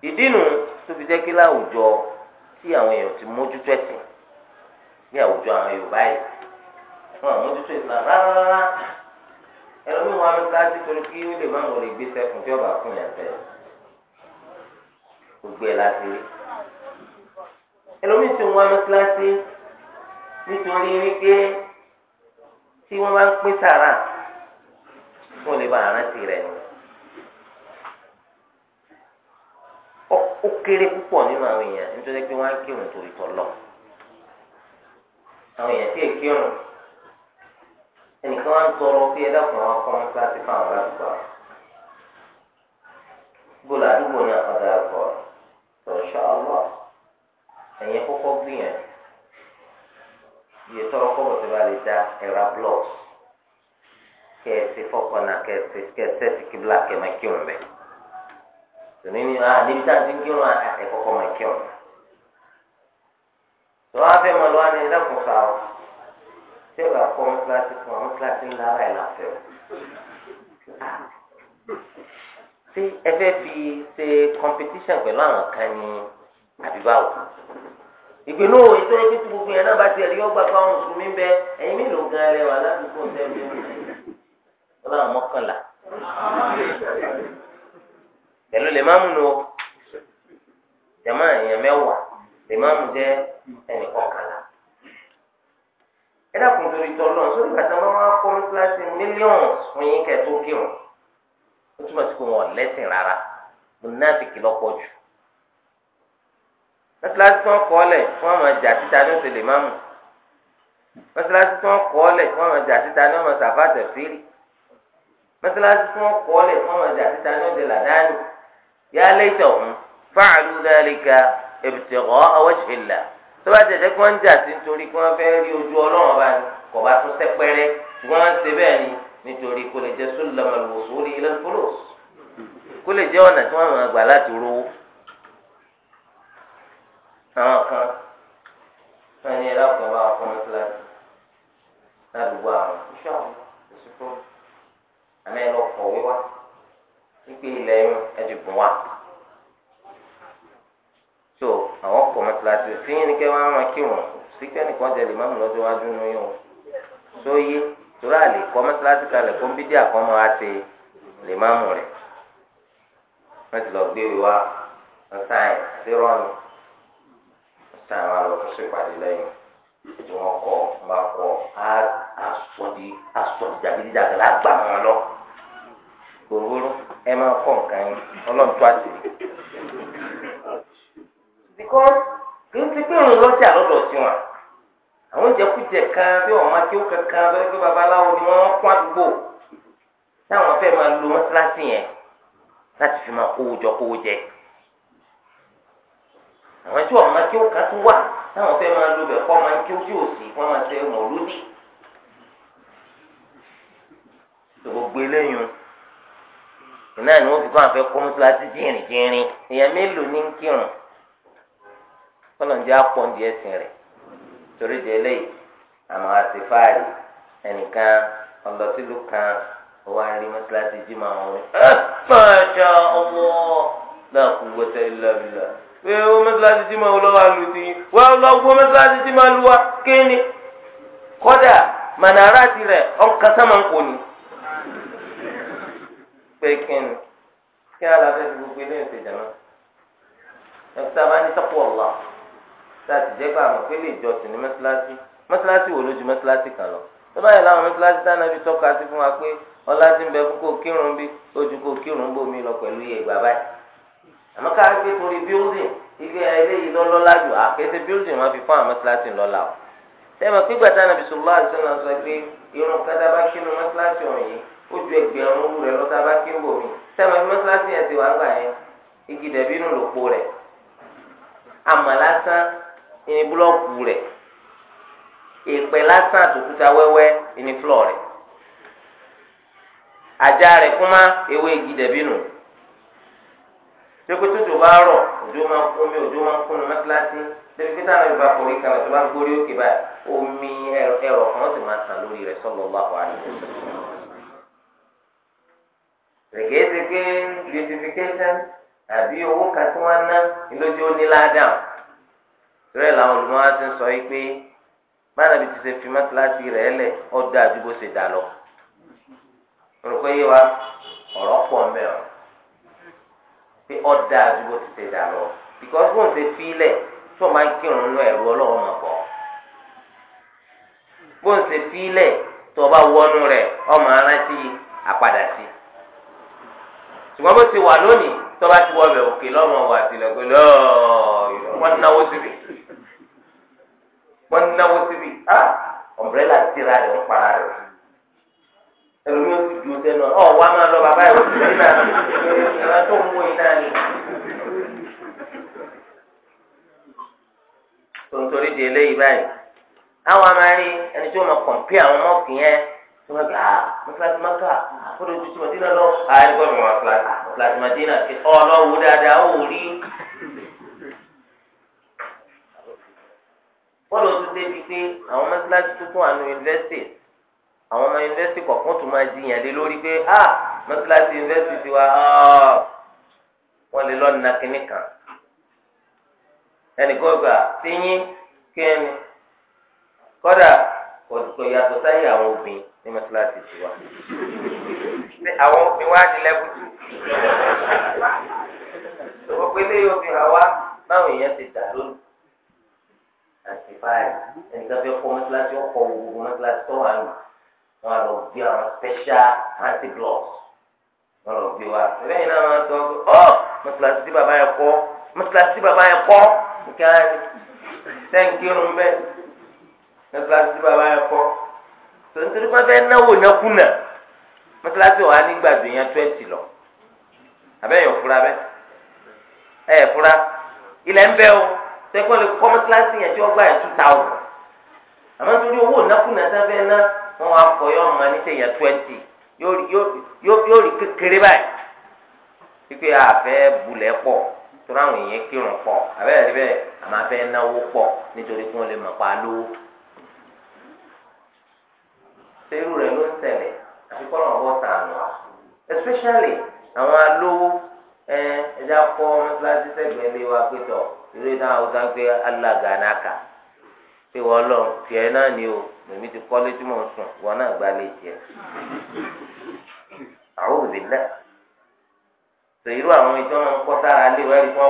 ìdínú tó fi jẹ́ kí láwùjọ tí àwọn èèyàn ti mójútó ẹ̀sìn ní àwùjọ àwọn Yorùbá yìí wọn àwọn mójútó ìsìlá rárá ẹlòmíì wọn lọ sáájú torí kí ó lè má mọ̀ lè gbé sẹ́kùn tí ọba fún yàn tẹ̀ gbogbo ẹ̀ láti rí ẹlòmíì tí wọn lọ síláṣí nítorí wípé tí wọ́n bá ń pín sàrà wọn lè bá àrántí rẹ̀ nù. ó kéré púpọ̀ nínú àwọn èèyàn nítorí pé wọ́n á kírun torí tọ́lọ̀ àwọn èèyàn tí è kírun ẹnìkan wá ń tọrọ pé ẹ dákun àwọn akọ́ wọn kíláàsì fáwọn aláṣùpá gbọ́dọ̀ àdúgbò ní àkàndá ẹ̀kọ́ ọ̀ṣọ́ àlọ́ ẹ̀yìn kọ́kọ́ gbìyànjú iye tọrọ kọ́bọ̀ tó bá lè dá ẹ̀rá blọọ̀sì kẹ́ẹ̀sì fọ́kànnà kẹ́ẹ̀sì kẹ́ẹ̀sì kìbìlà kẹ́ẹ̀mẹ́kírun bẹ́ẹ̀ tòní ní ah, ah, a níbi tá a ti ń kírun ẹ kọ́kọ́ máa kírun tó wá fẹ́ mọ lọ́wọ́ ní ẹlẹ́kùn sá o tí o bá kọ́ mọ́tíláṣí fún ọ mọ́tíláṣí ńlá ara ẹ̀ láfẹ́ o ṣé ẹ fẹ́ fi ṣe competition pẹ̀lú àwọn kan ní àbíbáwò ìgbìnú òwe tó yẹ kí tí gbogbo yẹn náà bá ti ẹ̀rí ọgbà fáwọn mùsùlùmí bẹ ẹ̀yin mélòó gan-an lẹ́wà ládùúgbò tẹ́lẹ̀ ọlọ́run mọ́kànlá pẹ̀lú lè má mú nu jama èèyàn mẹ́wàá lè má mú jẹ́ ẹnì kọkànlá ẹ dákun torí tọ́lọ́ sórí kàtà máa wá kọ́ kíláàsì mílíọ̀nù fún yín kẹ́ẹ̀ tó kírun ó túmọ̀ sí pé wọn ò lẹ́sìn rárá mùnáfìkì lọ́pọ̀ jù mọ́tíláṣí tí wọ́n kọ́ ọ́ lẹ̀ fún àwọn ọjà títa ní oṣù lè má mú mọ́tíláṣí tí wọ́n kọ́ ọ́ lẹ̀ fún àwọn ọjà títa ní ọmọ sàfà tẹ̀síìrì mọ́tíláṣí tí wọ́n kọ́ ọ́ lẹ̀ fún àwọn ọjà títa ní ọjà làdáni ya laitahum fa'alu dhalika ibtigha'a wajhillah tó bá tẹ̀sẹ̀ kí wọ́n ń jà sí nítorí kí wọ́n fẹ́ rí ojú ọlọ́run bá ní kò bá tún sẹ́pẹ́rẹ́ ṣùgbọ́n wọ́n ń ṣe bẹ́ẹ̀ ni nítorí kò lè jẹ́ sullamul wusuli ila al-fulus lè jẹ́ ọ̀nà tí wọ́n máa gbà láti rówó. àwọn kan wọ́n ní ẹ̀rọ àpò àwọn ọkùnrin kíláàsì ládùúgbò àwọn iṣẹ́ àwọn oṣù tó wípé ilẹ̀ yín ẹ̀dì bùn wá. so àwọn kọ̀ mọ́tíláṣí tí yín ni kẹ́ wọ́n á máa kírun sí kẹ́nìkan jẹ lè má mú lọ́jọ́ wájú nínú yín o. so yé torí àlè kọ́ mọ́tíláṣí kalẹ̀ kó ń bí díà kan máa ṣe lè má mú rẹ̀. wọ́n ti lọ gbé wa ọ̀sán sírọ́ọ̀nù ọ̀sán wa lọ fún ṣèpàdé lẹ́yìn tí wọ́n kọ́ bá kọ́ asọ̀dí asọ̀dí jàgídíjàgàlà gbà wọn lọ. gbogbo ẹ máa kọ́ nǹkan yín ọlọ́run tó àti. because kì í ti pé òun lọ́jà lọ́dọ̀ sí wọn àwọn jẹkújẹ kan bí wọn máa kí ó kankan lórí pé babaláwo ni wọn kún àdúgbò táwọn fẹ́ máa lo fi máa kówó jọ kówó jẹ àwọn tí wọn máa kí ó kan wà táwọn máa lo máa kí ó òsì wọn náà ni wọ́n fi kọ́ àwọn afẹ́ kọ́ mọ́sálásí jìnrìn jìnrìn èèyàn mélòó ní kírun kọ́lọ̀njẹ́ apọ̀ ẹ̀sìn rẹ̀ torí di àmọ́ àtìfáàrí ẹnìkan ọlọ́sílù kan wọ́n á rí mọ́sálásí jí máa wọ́n ẹ̀ ọmọ náà kú wọ́tẹ́ ìlàbílà pé ó mọ́sálásí jí máa wọ́n lọ́wọ́ àlù sí lọ gbọ́ mọ́sálásí jí máa lù wá kéènì kọ́dà pé kí ni kí gbogbo eléyìí ṣe jẹ̀mọ́ ẹ̀fọ́ a bá ní tọ́pọ̀ ọ̀la tá a pé àmọ̀ pé lè sí ní mọ́sálásí mọ́sálásí wo ló ju kan lọ tó bá yẹ láwọn mọ́sálásí dáná bí tọ́ka sí fún wa pé ọlá ti ń bẹ fún kó kírun bí kírun bómi lọ fi fún àwọn mọ́sálásí o àti sọ irun ó ju ẹgbẹ̀rún owó rẹ̀ lọ́tà bá kí ń bò mí sẹ́wọ̀n ní mọ́sálásí yẹn ti wà ń gbà yẹn igi dẹ̀bí nù lòpó rẹ̀ àmọ̀ lásán ní búlọ́ọ̀kù rẹ̀ èèpẹ̀ lásán àtòkúta wẹ́wẹ́ ní flọ̀ rẹ̀ àjà rẹ̀ kúmá ewé igi dẹ̀bí nù tẹkutu tó bá rọ̀ òjò máa kún mi òjò máa kún mi mọ́sálásí tẹbi pété àwọn ìbá forí kan tó bá ń gbórí òkè báyìí omi ẹ̀rọ kan ó sì máa tàn lórí rẹ̀ sallallahu alaihi wasallam. èké ti pé beautification àbí owó kan tí ná ìlójú ó ní làwọn olùmọ̀wá ti ń sọ yìí pé báyìí ti ṣe fi mọ́tíláṣí rẹ̀ lẹ̀ da àdúgbò ṣe dà lọ. olùkọ́ yé wa ọ̀rọ̀ pọ̀ mẹ́rin pé da àdúgbò ti ṣe dà lọ. because bóun ṣe fi ilẹ̀ tó máa ń kírun nú ẹ̀rú ọlọ́wọ́ máa bọ̀. bóun ṣe fi ilẹ̀ tó bá wọnú ṣùgbọ́n bó ti wà lónìí tọ́ba ti wọ ọbẹ̀ òkè lọ́mọ wà tilẹ̀ pẹ̀lú wọ́n náwó náwó síbi ọ̀mbrẹ́là ah, síra rẹ̀ ń para rẹ̀ ẹlòmí ó ti dùn sẹ́nu ọ̀ wá máa lọ bàbá ìwé sílẹ̀ náà ẹ̀rọ tó ń wó iná ni. tontorí di eléyìí báyìí àwọn amárí ẹni tí wọ́n máa kọ̀m̀pì àwọn mọ́ọ̀kì yẹn wọn kí ah mọsálásí maka àkọlù tuntun madina lọ àyè gbọ́dọ̀ wọn mọsálásí madina kí ọ lọ wò dáadáa ó wò rí. bọ́ọ̀lù tó débi pé àwọn mọsálásí tuntun wà ní yunifásitì àwọn ọmọ yunifásitì kọ̀ọ̀kan tó máa jiyàn lé lórí pé ah mọsálásí yunifásitì ti wa ah. wọ́n lè lọ nà kínní kan ẹnì kó gbà sí yín kí ẹni kọ́dà kò yàtọ̀ sáyé àwọn obìnrin ní mọ́tíláṣí ti wá. ṣé àwọn obìnrin wá di lẹ́bùtù? sọ̀rọ̀ pé lé yóò fi hàn wá báwọn èèyàn ti dà lónìí. àti báyìí ẹnìkan fẹ́ kọ́ mọ́tíláṣí ọkọ̀ gbogbo mọ́tíláṣí tó wà lù wọn lọ bí àwọn special anti gloves wọn lọ bí wa. lẹ́yìn náà wọn sọ pé ọ́ oh, mọ́tíláṣí tí bàbá yẹn kọ́ mọ́tíláṣí tí bàbá yẹn kọ́ nǹkan sẹ́ńkì rún bẹ́ẹ̀ mẹsàlásì tí bàbá yẹn kọ́ tòǹtòrí kan fẹ́ náwó nákúnà mẹsàlásì wà á nígbà tó yẹn twenty lọ àbẹ́yẹ̀ fura bẹ́ ẹ̀ fura ilẹ̀ ń bẹ́ o sẹ́kọ́ lè kọ́ mẹsàlásì yẹn tí wọ́n gbà yẹn two thousand àmọ́ torí owó nákúnà sáfẹ́ ná wọn wà kọ́ yọ ọmọ ní sẹ́yìn twenty yóò rí kékeré báyìí pípé àfẹ́ bulẹ̀ pọ̀ tó ráwọn èèyàn kírun pọ̀ àbẹ́yẹ̀ bẹ́ẹ̀ àmọ́ àfẹ́ náwó pọ̀ nítorí kí wọ́n lè mọ̀ pa lówó. irú rẹ̀ ló ń ṣẹlẹ̀ àfi kọ́ lọ́wọ́ sànù especially àwọn alówó ẹja kọ́ mọ́tíláṣí sẹ́gbẹ̀ẹ́ lé wa pé tọ̀ irú ìdá àwùjọ pé alága náà kà pé wọ́n lọ tiẹ̀ náà ni o mèmí ti kọ́lé tí mò na sùn wọn náà gba lé tiẹ̀ àwọn òbí lẹ̀ tò irú àwọn ìjọ máa ń kọ́ sára lé wẹ́rì tó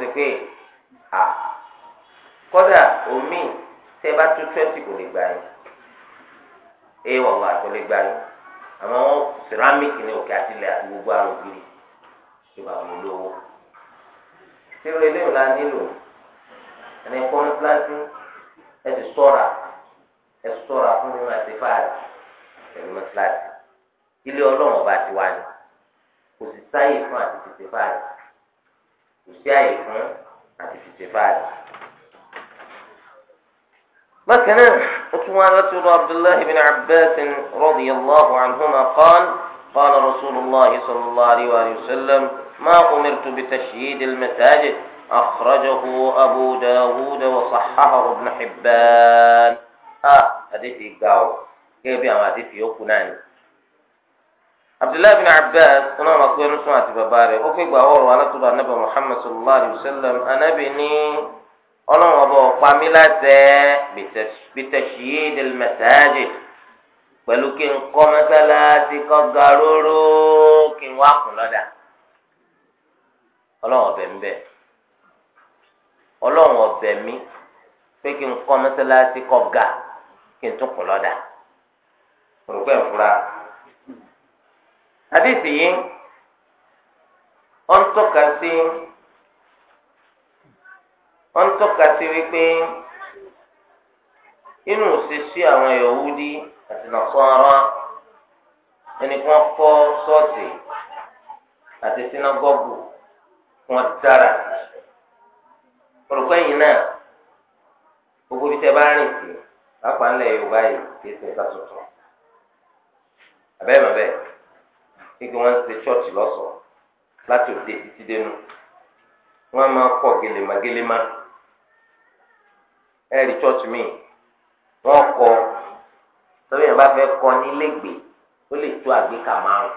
pé kọ́dà omi tẹ́ bá ẹ wà wà àtọ́lé gbáyé àmọ́ ceramic ní òkè àtìlẹ̀ àti gbogbo àrògiri tó bá wọn lówó tíro eléyìí la nílò ẹni kọ́ni pílásì ẹ ti sọ́ra ẹ sọ́ra fún mi máa ti fáàlì pẹ̀lú mẹ́tíláàsì ilé ọlọ́run ọba ti wá ní kò sì sáyè fún àti tètè fáàlì kò sí àyè fún àti tètè fáàlì. bákan náà. وكما نتر عبد الله بن عباس رضي الله عنهما قال قال رسول الله صلى الله عليه وآله وسلم ما أمرت بتشييد المساجد أخرجه أبو داود وصححه ابن حبان آه حديث إقاو كيف يعني حديث يوكناني عبد الله بن عباس أنا أقول الله بباري وفي بأور وأنا تبع النبي محمد صلى الله عليه وسلم أنا بني ọlọ́run ọba ọ̀pami lásẹ̀ bitashiyid al-masajid pẹ̀lú kí n kọ́ mẹ́sálásí kọ́ ga róró kí n wá kùn lọ́dà ọlọ́run ọbẹ̀ ń ọlọ́run ọbẹ̀ mi pé kí n kọ́ mẹ́sálásí kọ́ ga kí n tún kùn lọ́dà wọ́n tọ́ka sí wípé inú òṣèṣì àwọn Yahudi àti Nasara ẹni kí wọ́n kọ́ ṣọ́ọ̀ṣì àti sinagogu kí wọ́n dára olùkọ́ yìí náà gbogbo ibi tẹ́ bá rìn sí pápá ńlẹ̀ Yorùbá yìí kì í ṣe nǹkan tuntun abẹ́rẹ́ mọ̀ bẹ́ẹ̀ kí wọ́n ti ṣe ṣọ́ọ̀ṣì lọ́sọ̀ọ́ láti òde títí dénú. wọn máa pọ̀ gẹlẹmagẹlẹma ẹrí church mi wọn kọ tọ́wé yẹn bá fẹ́ kọ nílẹ̀gbẹ̀ ó lè tó àgbékà márùn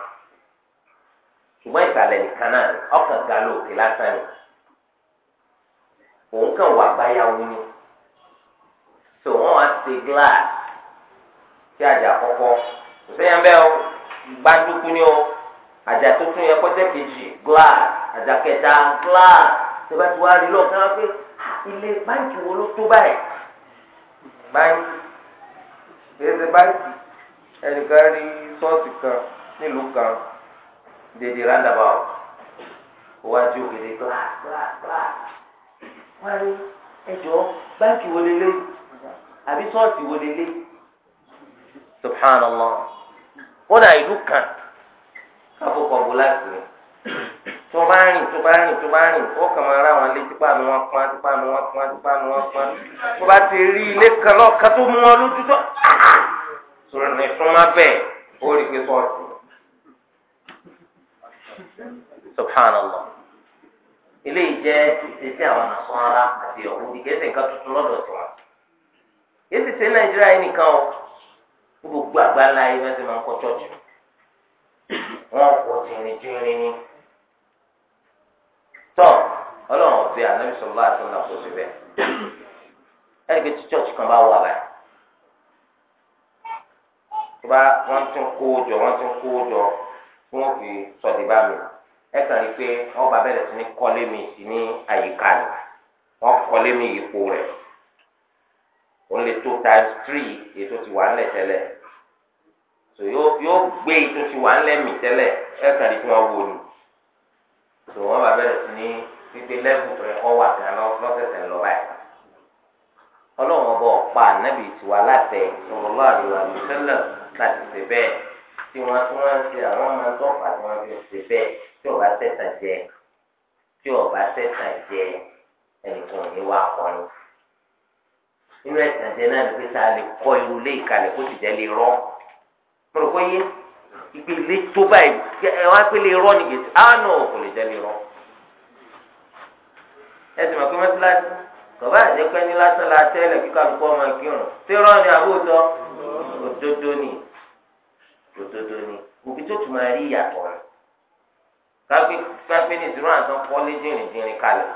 ṣùgbọ́n ìsàlẹ̀ nìkan ga lóòkè lásán ni òun kàn wà báyàwó ni tó wọn wá ṣe glass àjà kọ́kọ́ kò bẹ́ẹ̀ o gbájú ni àjà tó tún yẹ kọjá kejì glass àjà kẹta glass tẹ́lá ti wá rí lọ kí wọ́n pé ah, ilé báńkì wo ló tó báyìí báńkì gbèsè báńkì ẹnìkan rí sọ́ọ̀sì kan nílùú kan dèdè roundabout ah, wọ́n á ti òkèlè gbà gbà gbà wọ́n á rí ẹjọ́ báńkì wo lélẹ́yìí àbí sọ́ọ̀sì wo lélẹ́ subhanallah kódà ìlú kan káfọ́ kọ̀ọ̀bù láti rẹ̀ tó bá rìn tó bá rìn tó bá rìn ó kàn máa ra àwọn ilé tipa mi wọn pọn tipa mi wọn pọn tipa mi wọn pọn tó bá ti rí ilé kan lọ́ọ̀kan tó mú wọn lójú tó sọ̀rọ̀ ní súnmọ́ bẹ́ẹ̀ ó rí pé sọ́ọ̀tù subhanallah eléyìí jẹ́ ìṣesí àwọn nasọ́ra àti ọ̀hún ìgẹ́sẹ̀ nǹkan tuntun lọ́dọ̀ tó wọn yéésì ṣe nàìjíríà yìí nìkan o gbogbo àgbáńlá yìí wọ́n ti máa ń kọ́ chọ́ọ̀chì wọ́n kọ́ tìrìntìrìn tọ́ ọlọ́run ọ̀fẹ́ ànábì sọ̀rọ̀ láti ọ̀nà kò sí bẹ́ẹ̀ ẹ̀ríkẹ́ tí church kan bá wà báyìí tó bá wọ́n ti ń kó jọ wọ́n ti ń kó jọ tí wọ́n fi sọ̀dí bá mi ẹ kàn rí i pé wọ́n bá bẹ̀rẹ̀ sí ní kọ́lé mi sí ní àyíká ni wọ́n kọ́lé mi ipò rẹ̀ òun lè tó times three èyí tó ti wà ńlẹ̀ tẹ́lẹ̀ so yóò gbé èyí tó ti wà ńlẹ̀ mi tẹ́lẹ̀ ẹ kàn rí pé wọ́n wò ni tó wọn bá bẹ̀rẹ̀ sí ní gbígbé lẹ́bù tó yẹ kọ́ wà gan lọ́sẹ̀sẹ̀ lọ báyìí ọlọ́run ọba ọ̀pá ànábì tiwa látẹ sọlọ́lá àdìwà àdìsẹ́lẹ̀ láti ṣe bẹ́ẹ̀ tí wọ́n tí wọ́n ṣe àwọn máa ń tọ́pà tí wọ́n fi ṣe bẹ́ẹ̀ tí ọba tẹ̀sán jẹ tí ọba tẹ̀sán jẹ ẹnìkan ò ní wá kọrin inú ẹ̀sán jẹ náà ni pé sáà lè kọ́ irú lé ìkàlẹ̀ kó sì jẹ́ lè rọ́ mo rò yé ìgbé ilé tó báyìí ẹ wá pé lè rọ ní gbèsè àánú ah, kò lè jẹ lè rọ. ẹ sì mọ̀ pé mọ́tíláṣí bàbá àjẹpẹ́ ní lásán la tẹ́lẹ̀ kíkà lùkọ́ ọmọ ìkírun tí rọ ni àbótọ́ òdodo ni òdodo ni òbí tó tún máa rí ìyàtọ̀ rẹ̀ kápẹ́ kápẹ́ ní ìdúró àtọ́ pọ́lé jìnrìnjìnrìn kalẹ̀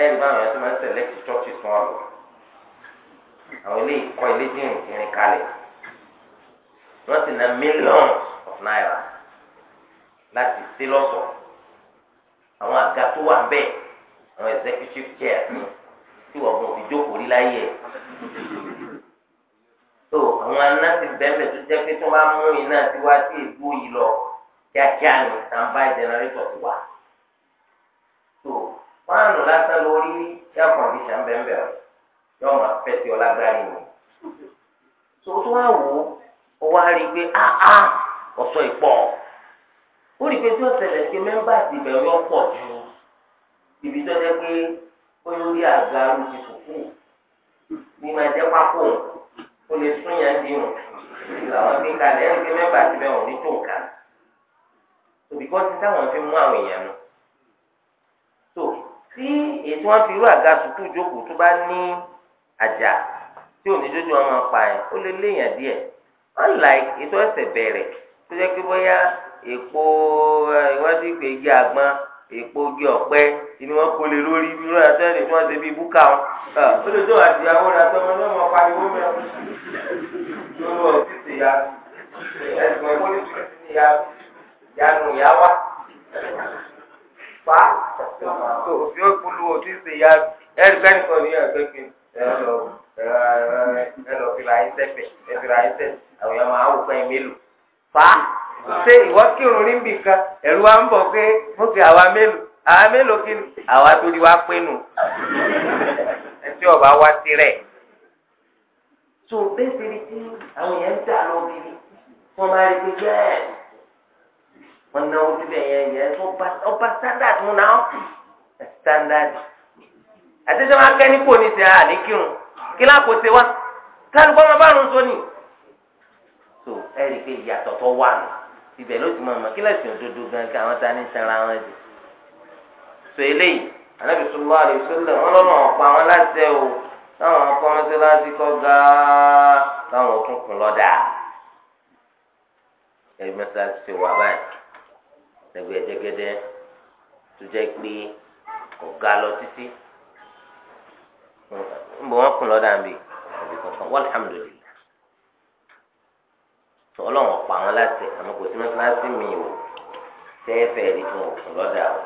ẹ rí báwọn ẹ̀sìn máa ń select churches fún ọ̀rọ̀ àwọn ilé ìkọ́ ilé jìnrìnjìnrìn kalẹ̀ wọ́n ti ná millions of naira láti sí lọ́sọ̀ọ́ àwọn àga tó wà bẹ́ẹ̀ àwọn executive chair tí wọ́n mú fi jókòó rí láyé ẹ̀ tó àwọn aná ti bẹ́ẹ̀ tó jẹ́ pé tó bá mú iná tí wá sí ìlú yìí lọ kíákíá ni tàǹbà jẹnẹrétọ̀ ti wà tó fáànù lásán lórí yá kọ̀ǹdíṣàn bẹ́ẹ̀ bẹ́ẹ̀ yọ̀ọ́ máa fẹ́ ti ọlágbárí ni tó tó wá wò ó ó wá rí i pé áá ah, ah, ọ̀sọ́ ìpọ̀ ó rí i pé tí ó ṣẹlẹ̀ sí mẹ́mbà ìbẹ̀rù ọ̀pọ̀ ju ibi tó jẹ́ pé ó ń rí àga arú ti sùkú ní máa jẹ́ pákó ó lè sún yẹn dínú làwọn gbé kalẹ̀ ẹ̀rí pé mẹ́mbà ti bẹ̀rù ní tó nǹkan òbíkọ́ ti táwọn fi mú àwọn èèyàn nù tó tí ètò wọn fi irú àga sùkú jókòó tó bá ní àjà tí ò ní jójú wọn máa pa ẹ ó lè léèyàn díẹ̀ unlike ètò ẹ̀sẹ̀ bẹ̀rẹ̀ tó jẹ́ pé bóyá èpo ìwádìí ìgbè igi àgbọn èpo igi ọ̀pẹ ìní wọn kò lè lórí ibi lọ́dà sẹ́ni tí wọ́n ṣe bí búkà wọn. ó lè tó àti àwọn ọ̀dà tó wọn lọ́mọ pariwo mẹ́rin lórí ọ̀sì ya ẹ̀sìn ẹ̀kọ́ ní tuntun ti ya yanu ya wa fa tó fi ó kulu òtún ya ẹ̀rí bẹ́ẹ̀ nìkan ní ẹ̀gbẹ́ kìíní ẹ̀rọ ẹ lọ fi ra ayé sẹ́fẹ̀ ẹ fi ra ayé sẹ́fẹ̀ àwọn èèyàn máa wò pẹ́yìn mélòó fa ṣé ìwọ kírun rí nbì kan ẹ̀rù wa ń bọ̀ pé mo fi àwa mélòó àwa mélòó kí ni àwa torí wa pé nù ẹ tí ọba wá sí rẹ̀ tó bẹ́ẹ̀ ti rí tí àwọn èèyàn ń dà lọ́bìnrin wọ́n máa rí pé bẹ́ẹ̀ wọ́n náwó bíbẹ̀ yẹn yẹn ọba standard mu náà standard àti sọ́wọ́n akẹ́ni kò ní ti àníkírun kílá kò ṣe wá káàdì kọ́ máa bá àrùn sọ ni. tó ẹ rí i pé ìyàtọ̀ tó wà nù ibẹ̀ ló ti máa mọ̀ kílẹ̀ sìn òdodo gan kí àwọn tani sanra wọn jù. sọ eléyìí anábì sọlá àdìsọlẹ wọn lọ́nà ọ̀pá wọn láti o táwọn ọkọ mọ́sálásí kọ́ gáá táwọn òkun kùn lọ́dà. ẹ̀rí mọ́sálásí ti wà báyìí lẹ́gbẹ̀ẹ́dẹ́gẹ́dẹ́ tó jẹ́ pé kò ga lọ títí ń bọ̀ wọ́n kún lọ́dà mi òbí kankan wàlhámdùlì ọlọ́run ọ̀pọ̀ àwọn láti àmọ́ kò sí mẹ́tíláṣí mi ò tẹ́ẹ̀fẹ́ rí fún òkun lọ́dà o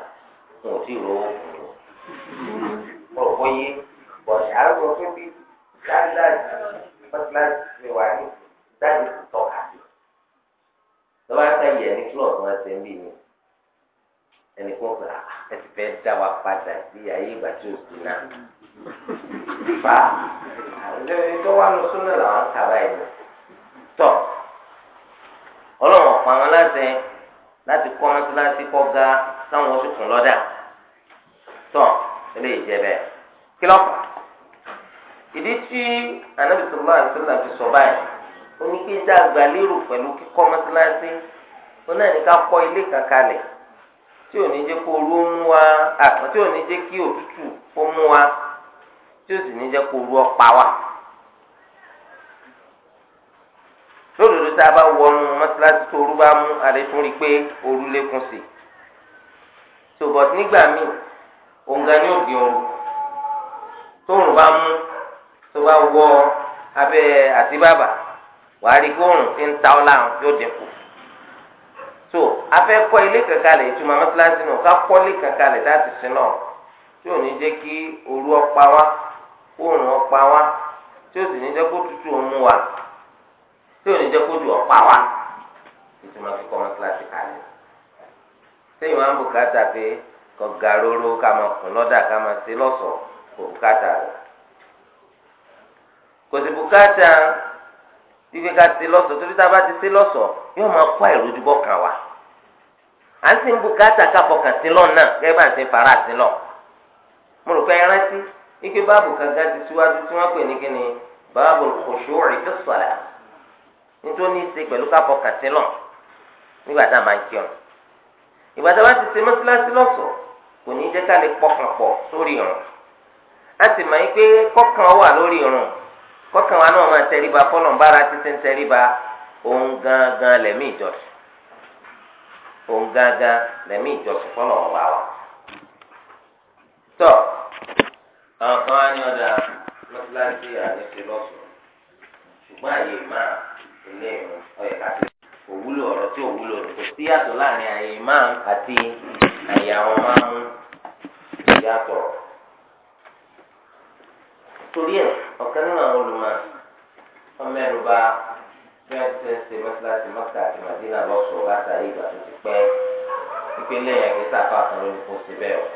wọn ò tí ì rówó kùn o ọ̀pọ̀ yé bọ̀ṣà sọ pé bí dáadáa mẹ́tíláṣí mi wà ní dáàbò tó tọ́ka sí lọ́wọ́ ká yẹ ní flọ́ọ̀tù wọn ṣe ń bì ní ẹnì kan kò ah, ẹsì fẹ́ dá wa padà sí ayé ìgbà tí o sì náà fa lórí tó wà lóṣù náà làwọn sábà yìí tọ ọlọ́run ọ̀pọ̀ àwọn aláṣẹ láti kọ́ mọ́tíláṣí kọ́ ga táwọn oṣù kùn lọ́dà tọ eléyìí jẹ bẹ́ẹ̀ kí lọ́pàá ìdí tí anabi sọlá àtúntò àti sọba yìí oníkéjà àgbàlérò pẹ̀lú kíkọ́ mọ́tíláṣí wọn náà ní ká kọ́ ilé kankanlẹ̀ tí ò ní jẹ́ kó orú mú wa àti tí ò ní jẹ́ kí òtútù kó mú wa tí ó sì ní jẹ́ kó ru ọ̀pá wa. lódodo tá a bá wọnú mọ́sálásí tó orú bá mú àlékún rí i pé orú lékún sí i. tòbọ̀t nígbà míì òǹgà ni ó di ooru tóòrùn bá mú tó bá wọ abẹ́ àti bàbà wàá rí i pé òòrùn ti ń ta ọ́ láàrún yóò dínkù so afẹ́ kọ́ ilé kankan lẹ̀ ìtumọ̀ mọ́sálásí náà ká kọ́ ilé kankan lẹ̀ láti sin náà tí ò ní jẹ́ kí òru ọ̀pá wa oòrùn ọ̀pá wa tí ó sì ní jẹ́ kó tutù wa tí ò ní jẹ́ kó ju ọ̀pá wa ìtumọ̀ fi kọ́ mọ́sálásí kalẹ̀ sẹ́yìn wọn á bùkátà pé kọ́ ga róró ká máa kùn lọ́dà ká máa ṣe lọ́sọ̀ọ́ kò bùkátà rẹ̀ kò sí bùkátà ká lọ́sọ̀ọ́ torí tá a bá ti ṣe lọ́sọ̀ọ́ yóò máa kó kan wa à ń sìn bùkátà ká fọkàn sí gẹ́gẹ́ bá ń fara sí lọ mo rò pé ẹ ike báàbù kan ga ti síwájú tí wọ́n pè ní kíni báàbù khushu'i fi salat nítorí ṣe pẹ̀lú kápọ̀ kàtẹ́lọ̀ nígbà tá a máa ń kírun ìgbà tá a bá ti ṣe mọ́síláṣí lọ́sọ̀ọ́ kò ní jẹ́ ká lè pọkàn pọ̀ sórí irun a sì mọ̀ yín pé kọ́kàn wà lórí irun kọ́kàn àwọn kan á ní ọ̀dà mọ́tíláṣí àníṣe lọ́sùn ṣùgbọ́n àyè máa ilé ìrùn ọ̀yẹ̀ àti òwúlò ọ̀rọ̀ tí òwúlò rẹ̀ kò sí yàtọ̀ láàrin àyè máa àti àyè àwọn máa mú yàtọ̀ torí ọ̀kan nínú àwọn olùmọ̀ mọ́tà àti màdínà lọ́sùn ìgbà tó ti pẹ́ ìpínlẹ̀ yẹn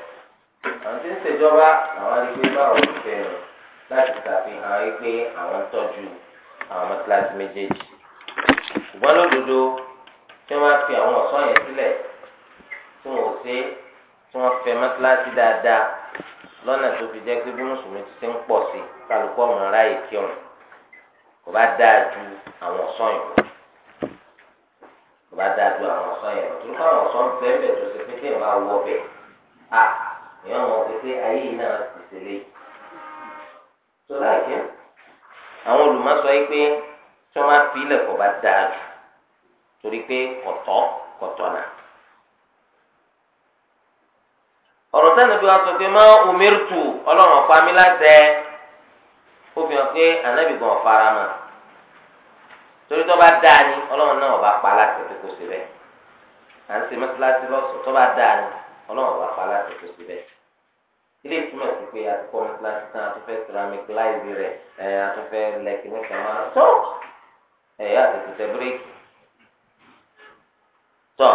àwọn tí ń ṣèjọba àwọn arígbé báwo ló fẹ́ lọ láti ṣàfihàn wípé àwọn tọ́jú àwọn ọmọ kíláàsì méjèèjì ṣùgbọ́n lódodo tí wọ́n fi àwọn ọ̀ṣọ́ yẹn sílẹ̀ tí wọ́n ò ṣe tí wọ́n fẹ́ mọ́ kíláàsì dáadáa lọ́nà tó fi jẹ́ pé bí mùsùlùmí ti ṣe ń pọ̀ sí kálukú ọmọ aráyè kí ọ̀run kò bá dáa ju àwọn ọ̀ṣọ́ yẹn lọ kò bá dáa ju àwọn ọ̀ṣọ́ yẹn lọ torí pé àwọn ọ̀ṣọ́ bẹ́ẹ̀ bẹ́ẹ̀ tó ṣe pé kí ẹ̀ máa wọ bẹ́ẹ̀ èèyàn mọ̀ pé pé ayé yìí náà ti ṣẹlẹ̀ yìí. tó láàkì àwọn olùmọ̀sọ yìí pé tí wọ́n máa fi ilẹ̀ kọ̀ bá dáa jù torí pé kọ̀tọ́ kọ̀tọ́ náà. ọ̀rọ̀ sẹ́ni bí wọ́n sọ pé mọ́ omirtu ọlọ́run ọ̀pá mi láṣẹ ó fi hàn pé ànábì gan ọ̀fara mọ́ torí tó bá dáa ni ọlọ́run náà ọba pa láṣẹ tó kó síbẹ̀ à ń ṣe mọ́tíláṣí lọ́sùn tó bá dáa ni. ọlọ́run wá fa láti tó síbẹ̀ ilé ìtumọ̀ sí pé àtúkọ́ mọ́tíláṣí tán àtúfẹ́ ceramic láìsí rẹ̀ ẹ̀ àtúfẹ́ lẹ́kì nípa máa tó ẹ̀ yá àtẹ̀tẹ̀ tẹ bíréèkì tọ́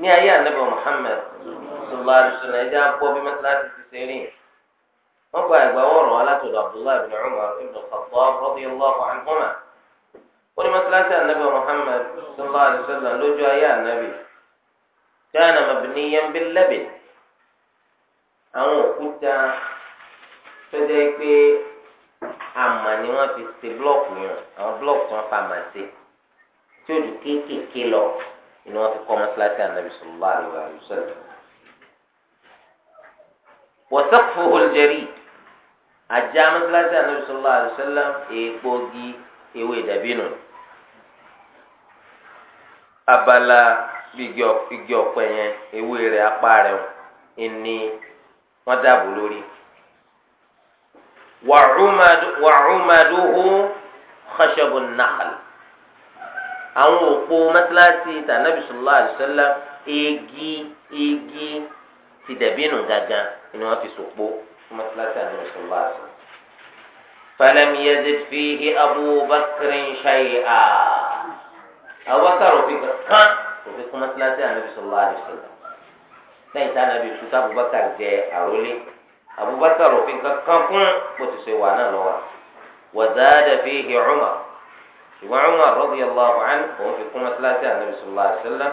ní ayé ànábì Muhammad sallallahu alaihi wasallam ẹ̀jẹ̀ àgbọ̀ bí mọ́tíláṣí ti ṣe rìn wọ́n gba ìgbà wọ̀rọ̀ alátọ̀dọ̀ Abdullahi ibn Umar ibn Khattab radiyallahu anhuma wọ́n ní mọ́tíláṣí ànábì muhammed sallallahu alaihi wasallam lójú ayé ànábì kana mabniyan bil labin àwọn òkúta tọ́jà pé àmà ni wọ́n fi ṣe blọọkù yàn àwọn blọọkù tí wọ́n fa àmà ṣe tí ó dùn kéékèèké lọ ni wọ́n fi kọ́ mọ́sálásí ànábì sallallahu alaihi wasallam. wa saqfuhu al-jarid ànábì sallallahu alaihi èèpo gi ewé dàbínù abala bí igi ọ̀pẹ yẹn ewé rẹ̀ apá rẹ̀ ẹni wọ́n dàbò lórí. wàhùnmádùhù khashabu nàkàl àwọn òpó mẹ́tíláṣí tànàbí sọlá àdìsọ́lá igi igi ti dẹ̀bí nù gángan ni wọ́n fi sòpó mẹ́tíláṣí tànàbí sọlá àdìsọ́lá. فلم يزد فيه أبو بكر شيئا أبو بكر في كان kò fi kún mọ́sálásí ànábì sallallahu alaihi wasallam lẹ́yìn tí ànábì kú tá Abubakar jẹ àrólé Abubakar òfin kankan kún kó ti anabi su ta abubakar wà náà lọ́wọ́ wa zada fihi Umar ṣùgbọ́n Umar radiyallahu anhu òun fi kún mọ́sálásí ànábì sallallahu alaihi wasallam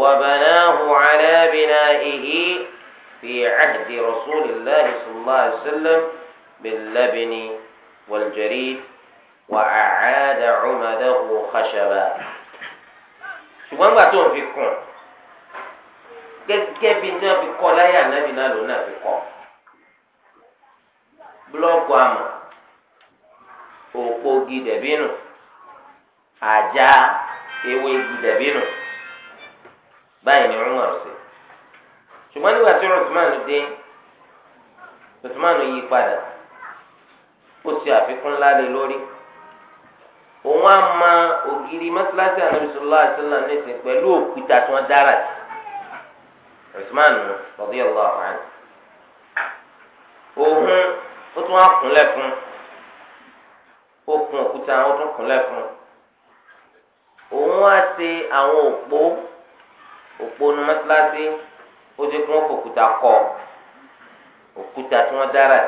wa banahu ala bina'ihi fi ahdi rasulillahi sallallahu alaihi wasallam bil-labni wal-jarid wa a'ada hu khashaba. ṣùgbọ́n gbà tó ń fi kùn gẹ́gẹ́ bí ní wọ́n fi kọ́ láyé ànábì náà lòun náà fi kọ́ búlọ́ọ̀kù àmọ̀ òpó igi dẹ̀bí nù àjà ewé igi dẹ̀bí nù báyìí ni wọ́n mọ̀ sí ṣùgbọ́n nígbà tí Usman dé Usman yí padà ó ti àfikún ńlá lé lórí òun á ma ògiri mọ́sálásí ànábì sallallahu alaihi wasallam nísìn pẹ̀lú òkúta tí wọ́n dára sí Usman radiyallahu anhu òun ó tún á kúnlẹ̀ fún ó kún òkúta ó tún kúnlẹ̀ fún òun á ṣe àwọn òpó òpó nu mọ́sálásí ó jẹ́ kí wọ́n fòkúta òkúta tí wọ́n dára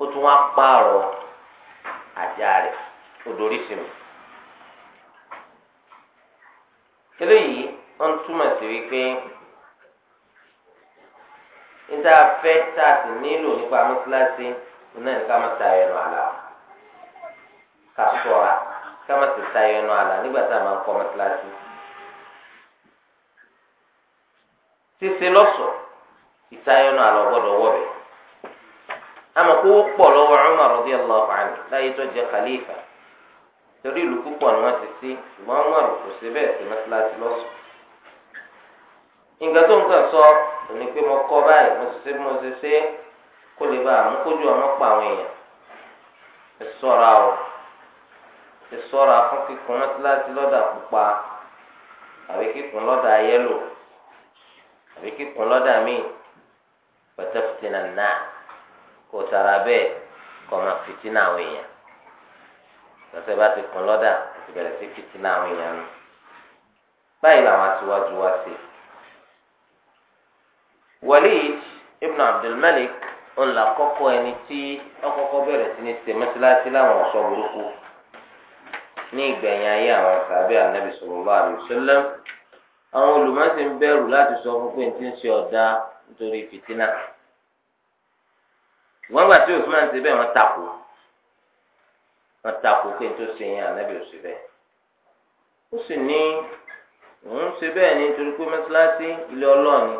ó tún á pààrọ̀. àjà odori sí mi. eléyìí ó túmọ̀ sí wípé níta fẹ́ tá a sì nílò nípa mọ́sálásí náà ní ká má ta ẹnu àlà ká sọ̀ra ká má sì ta ẹnu àlà nígbà tá a máa ama kó pọ̀ lọ́wọ́ Umar radiyallahu anhu láyé tó jẹ khalifa torí ìlú púpọ̀ ni wọ́n ti sí ṣùgbọ́n Umar kò ṣe bẹ́ẹ̀ sí mọ́sálásí lọ́sùn. nǹkan tó ń kàn sọ òní pé mo kọ́ báyìí mo sì ṣe mo ṣe kó lè bá kójú àwọn èèyàn o fún lọ́dà pupa àbí kò tara bẹ́ẹ̀ kọ́ máa fìtínà àwọn èèyàn lọ́sẹ̀ bá ti kún lọ́dà ti bẹ̀rẹ̀ sí fìtínà àwọn èèyàn nù báyìí làwọn aṣíwájú wá sí. Walid ibn Abdulmalik ńlá kọ́kọ́ ẹni tí ọkọ́kọ́ bẹ̀rẹ̀ sí ní ṣe mẹ́tíláṣí láwọn ọ̀ṣọ́ burúkú ní ìgbẹ̀yìn ayé àwọn sàbẹ̀ ànábì sallallahu alaihi wasallam àwọn olùmọ̀ọ́sìn bẹ̀rù láti sọ fún pé ní ti ń ṣe ọ̀dà nítorí fìtínà ṣùgbọ́n gbà tí Usman ṣe bẹ́ẹ̀ wọ́n takò wọ́n takò pé tó ṣe yẹn ànábì ò ṣe bẹ́ẹ̀ ó sì ní òun ṣe bẹ́ẹ̀ ní torí pé mẹ́sàlásí ilé ọlọ́ọ̀ni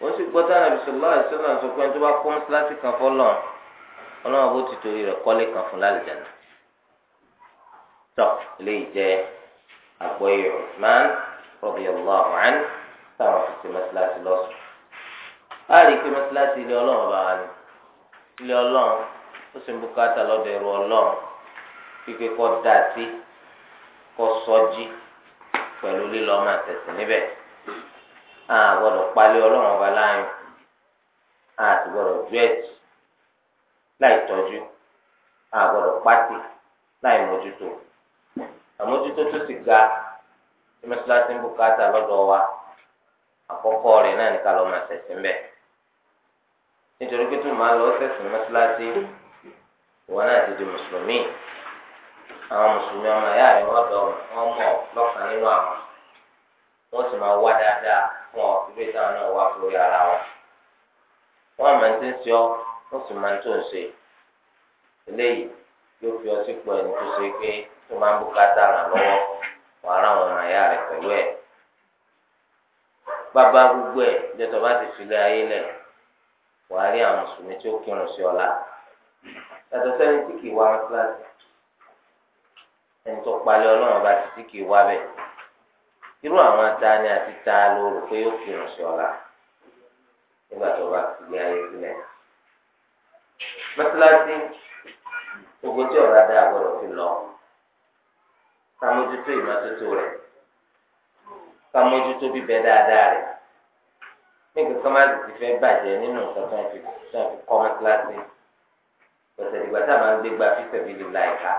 òun sì gbọ́ táwọn àbísọ̀lá àbísọ̀lá sọ pé tó bá kọ́ mẹ́sàlásí kan fọ́lọ́ọ̀ ọlọ́run bó ti torí rẹ̀ kọ́lé kan fún lálẹ́jẹ̀nà tọ́ ilé ìjẹ́ àgbọ̀yé Usman radiyallahu anhu táwọn fi ṣe mẹ́sàlásí lọ́sùn. a rí i pé mẹ́sàlásí ilé ọlọ́run bá wà ní ilé ọlọ́run ó sì ń bùkátà lọ́dọ̀ ẹ̀rọ ọlọ́run pípé kọ́ dà sí kọ́ sọ́jí pẹ̀lú lílọ́ máa tẹ̀sí níbẹ̀ a gbọ́dọ̀ palẹ̀ ọlọ́run ọba láàyò a sì gbọ́dọ̀ ju ẹ̀tì láì tọ́jú a gbọ́dọ̀ pátì láì mójútó àmójútó tó sì ga ẹ̀mẹ́sàlásí ń bùkátà lọ́dọ̀ wa àkọ́kọ́ rẹ̀ náà ní ká lọ́ọ́ máa tẹ̀sí níbẹ̀ nítorí pé tó máa lọ sẹ̀sìn mọ́sálásí wọn náà ti di mùsùlùmí àwọn mùsùlùmí ọmọ ẹ̀yà rẹ̀ wọ́n dọ̀ wọ́n mọ̀ lọ́kàn nínú àwọn wọ́n sì máa wá dáadáa fún ọ ibi táwọn náà wá fún yàrá wọn. wọ́n máa ń ti ń sọ wọ́n sì máa ń tó ń ṣe eléyìí yóò fi ọtí pọ̀ ẹni tó ṣe pé tó máa ń bùkátà ràn lọ́wọ́ wọ́n ará wọn ọmọ ẹ̀yà rẹ̀ pẹ̀lú ẹ̀. wàá rí àwọn mùsùlùmí tí ó kírun sí ọlá yàtọ̀ sẹ́ni tí kì í wá mọ́sálásí ẹni tó palẹ̀ ọlọ́run ti kì í wá bẹ̀ irú àwọn atani àti ta ló rò pé ó kírun sí ọlá nígbà tó bá ti gbé ayé sílẹ̀ mọ́sálásí gbogbo tí ọ̀rá ní nǹkan kan máa ti fẹ́ bàjẹ́ nínú nǹkan tó ń fi tó ń fi kọ́ mọ́tíláṣí pẹ̀sẹ̀ ìgbà tá a máa ń gbé gba fífẹ̀ bíi láìka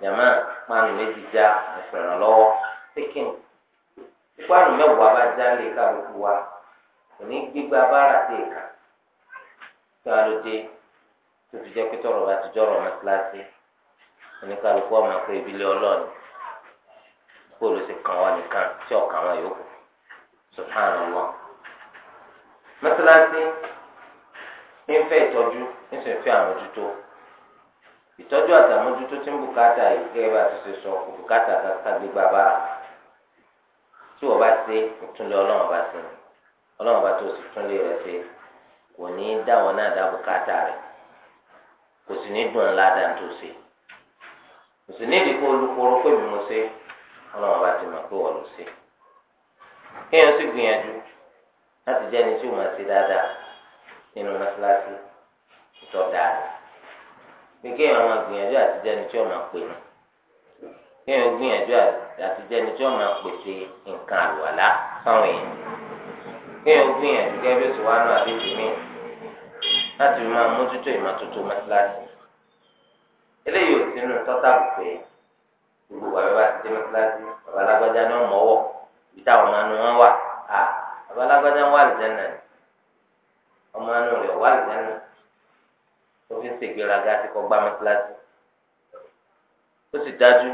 jàmá páànù méjì já ìfẹ̀ràn lọ́wọ́ pékin páànù mẹ́wàá bá já lè kálukú wa kò ní gbígbá bára sí ìka kí wọ́n ló dé tó fi jẹ́ pé tọrọ bá ti jọrọ mọ́tíláṣí oníkálukú ọmọ pé ibi ọlọ́ọ̀ni kó ló ti kàn wá nìkan tí ọ̀kan wọn yòókù. subhanallah mẹsàlásì ń fẹ́ ìtọ́jú ń sì fẹ́ àmójútó ìtọ́jú tí ń bùkátà ti ṣe sọ kò bùkátà kàgbégbà bára tí wọ́n bá ṣe ìtúnlé ọlọ́run bá ṣe ọlọ́run bá tó sì túnlé rẹ̀ ṣe kò ní í dá wọn náà dá bùkátà rẹ̀ kò sì ní dùn ńlá dá tó ṣe kò sì ní ìdíkò kéèyàn sì gbìyànjú láti jẹ́ ẹni tí ó máa dáadáa nínú mọ́ṣáláṣí ìtọ́ dáadáa pé kéèyàn máa gbìyànjú àti jẹ́ ẹni tí ó máa pè ní kéèyàn gbìyànjú àti jẹ́ ẹni tí ó máa pèsè nǹkan àlùwàlá fáwọn èèyàn kéèyàn gbìyànjú gẹ́gẹ́ bí sùwánú àbíkú mi láti fi máa mójútó ìmọ́tótó mọ́ṣáláṣí eléyìí ò sínú tọ́tà gbogbo àbẹ́bá ti dé mọ́ṣáláṣí bàbá alágbájá bíta àwọn ọmọ anu wọn wà á abalagbada wà lìjẹnà ọmọ anu rẹ wà lìjẹnà tó fi ń ṣègbéraga àti kọ gbá mẹsàlásì ó sì dájú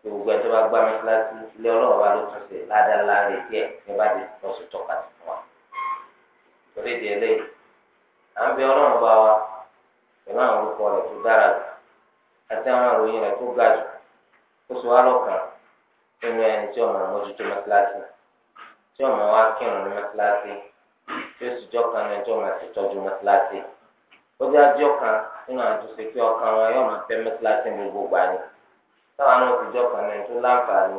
pé gbogbo ẹjọ bá gbá mẹsàlásì ilé ọlọ́wọ́ wa ló tún ṣe ládàlá rẹ díẹ̀ ní bá di lọ́sùn tọ́ka sí fún wa torí ìdí eléyìí à ń bẹ ọlọ́run bá wa pẹ̀lú àwọn orúkọ rẹ̀ tó dára jù àti àwọn àròyìn rẹ̀ tó ga jù ó sọ wá lọ́kàn. nínú ẹni tí ọmọ mójútó mọ́tíláṣí tí ọmọ wa kírun ní tí ó sì jọ kan ní máa ó kan nínú àtúnṣe pé wọn yóò máa ní gbogbo àná táwọn náà ti jọ kan ní ẹni láǹfààní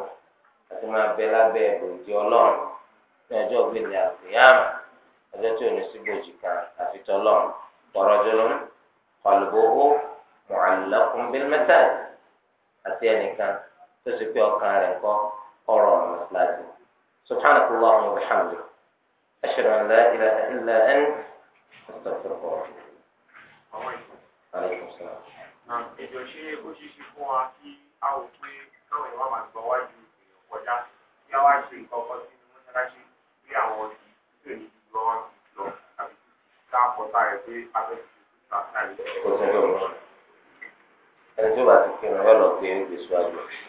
àti máa bẹ lábẹ́ ìbòjì ọlọ́run ní ọjọ́ ògbéni àgbéyàmù ọjọ́ tí ò ní síbòjì kan àfitọ́ ọlọ́run àti ẹnìkan tó ṣe pé ọkàn rẹ̀ kọ́ ọ̀rọ̀ ọ̀nà láti. سبحانك اللهم وبحمدك أشهد أن لا إله إلا أنت أستغفرك وأتوب عليكم السلام. نعم إذا شيء كوشي شيفون أكيد أو كي كم يوم عن بواجي وجا ti kí ni wọn lọ gbé gbèsè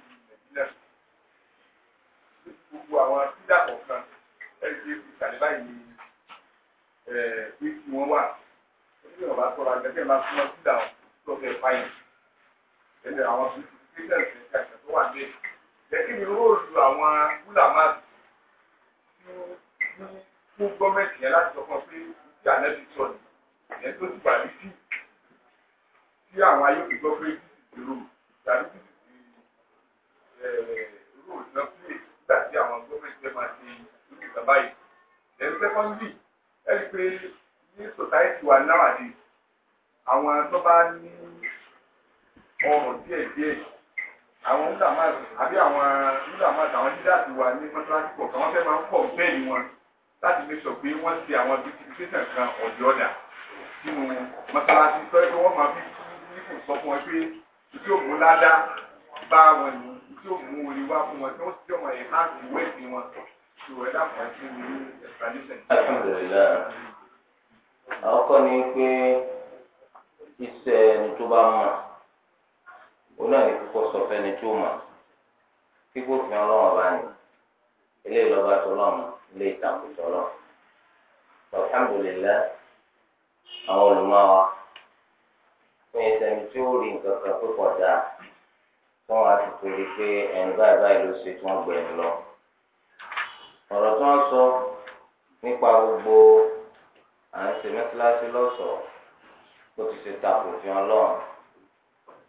ẹsẹ̀ máa súnmọ́ sí àwọn tó fẹ́ fáyìn ẹsẹ̀ àwọn christian ẹ̀ka ẹ̀ka tó wà ní lẹ́kìn ní róòlù àwọn gúlàmáàdì fún gọ́ọ̀mẹ̀ntì yẹn láti sọ fún ọ pé tí ànẹ́bí sọ ni ìyẹn tó ti gbà ní sí tí àwọn ayọ́kẹ́ gbọ́ pé ìrò tàbí ìrò ìjọ pé nígbà tí àwọn gọ́ọ̀mẹ̀ntì máa ṣe irú ìjọba yìí lẹ́nu sẹ́kọ́ndì ẹ̀rí pé ní sòtáìtì wa náwàdí àwọn tó bá ní ọrùn díẹ̀ díẹ̀ àwọn ńdàmás àbí àwọn ńdàmás àwọn dídá ti wà ní mọ́tíláṣí pọ̀ káwọn fẹ́ máa ń pọ̀ bẹ́ẹ̀ wọn láti fi sọ pé wọ́n ti àwọn bísíǹsì kan ọ̀dì ọ̀dà sínú mọ́tíláṣí sọ pé wọ́n máa fi nípò sọ fún wọn pé ìdí òmù ládá bá wọn ní ìdí òmù orí wá fún wọn tí wọ́n ti jọmọ ẹ̀ máa fi wẹ́ẹ̀sì wọn ìwẹ̀ dàpọ̀ sí ní ẹ̀fọ́ ni pé iṣẹ́ ẹni tó bá mọ̀ òun náà ní kíkọ́ sọ fẹ́ni tó mọ̀ kíkó fi ọlọ́wọ́ bá ní ilé ìlọ́ba tọlọ́mù ilé ìtàkùn tọlọ́mù alhamdulillah àwọn olùmọ̀wá fún ìsẹ̀mí tí ó rí nǹkan kan tó pọ̀ dáa fún wa ti torí pé ẹni báyìí báyìí ló ṣe tí wọ́n gbẹ̀ lọ. ọ̀rọ̀ tí wọ́n sọ nípa gbogbo à ń ṣe mẹ́tíláṣí lọ́sọ̀ọ́ ó ti ṣe takò fi hàn lọ́rùn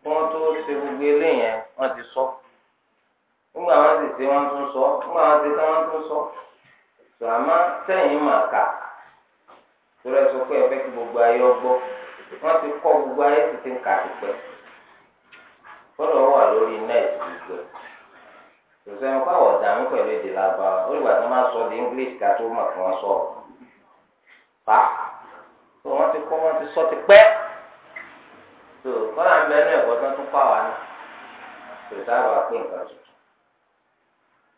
wọ́n tó ṣe gbogbo eléyẹn wọ́n ti sọ nígbà wọ́n sì ṣe wọ́n tún sọ nígbà wọ́n ti ṣe wọ́n tún sọ sàmá sẹ́yìn mà kà torí ẹ sọ pé ẹ fẹ́ kí gbogbo ayé ọgbọ́ wọ́n ti kọ́ gbogbo ayé sì ti ń kà tipẹ́ fọlọ́ wà lórí nẹ́ẹ̀tì gbogbo tòṣe ń kọ́ àwọ̀dà mi pẹ̀lú èdè làbáwá ó lùgbà tó máa sọ di English ká tó mọ̀ fún wọn sọ̀rọ̀ pa tó wọ́n ti kọ́ wọ́n ti sọ ti pẹ́. so kọ́lá ń bẹ́ẹ̀ ní ẹ̀kọ́ tó tún pa wá ní tó dábàá pé nǹkan tuntun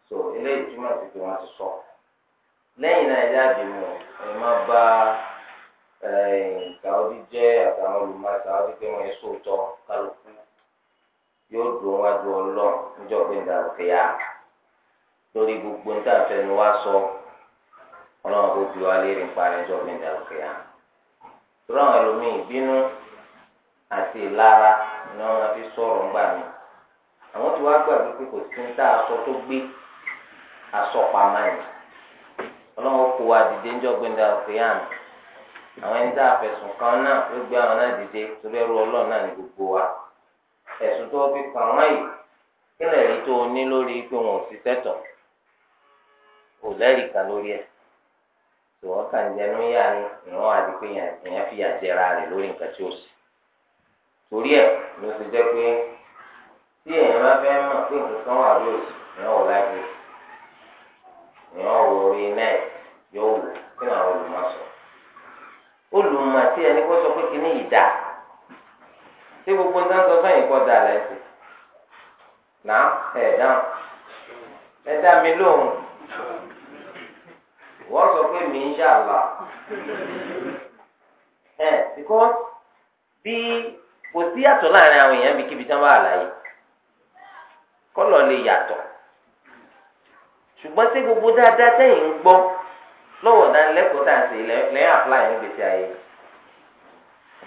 tó eléyìí túmọ̀ sí pé wọ́n ti sọ lẹ́yìn náà ẹ̀dá àdìmú ẹ̀ má bá sàódì jẹ́ àtàwọn olùmọ̀ sàódì pé wọ́n yẹ sóòótọ́ kálukú yóò dùn níjọ́ pé lórí gbogbo ní ni wá sọ ọlọ́run kò bí wá ń ẹjọ́ ẹlòmíì bínú àti ìlara ni wọn fi sọ̀rọ̀ ńgbà mi àwọn tí wàá gbàgbé pé kò sí ní tá aṣọ tó gbé aṣọ pamọ́ ẹ̀ ọlọ́run kó wa dìde òkèèyàn àwọn ẹni tá a fẹ̀sùn kan náà ló gbé àwọn náà dìde torí ẹrú ọlọ́run náà ní gbogbo wa ẹ̀sùn tó fi kàn wọ́n yìí kí lè tó o ní lórí pé wọn ò sí tẹ́tọ̀ kò lẹ́rìí kan lórí ẹ̀ tòwọ́ kàn jẹnu ni torí ẹ̀ ló ti jẹ́ pé tí èèyàn bá fẹ́ mọ̀ pé nǹkan wà lóòsì èèyàn wò láti èèyàn orí nẹ́ẹ̀ yóò wò kí ni àwọn olùmọ̀ sọ olùmọ̀ tí ẹni kó sọ pé kí ni ìdá tí gbogbo ń dáńtọ́ sọ́yìn kọ́ da lẹ́sìn nà ẹ̀ dáhùn ẹ dá mi lóhùn wọ́n sọ pé mi ń ṣàlà ẹ̀ bíkọ́ bí. kò sí yàtọ̀ láàrin àwọn èèyàn bíi kíbi tí wọ́n bá àlàyé kọ́lọ̀ lè yàtọ̀ ṣùgbọ́n tí gbogbo dáadáa tẹ̀yìn ń gbọ́ lọ́wọ́ dánilẹ́kọ̀ọ́ tá à ń ṣe lẹ́yìn àpláyé ní gbèsè ayé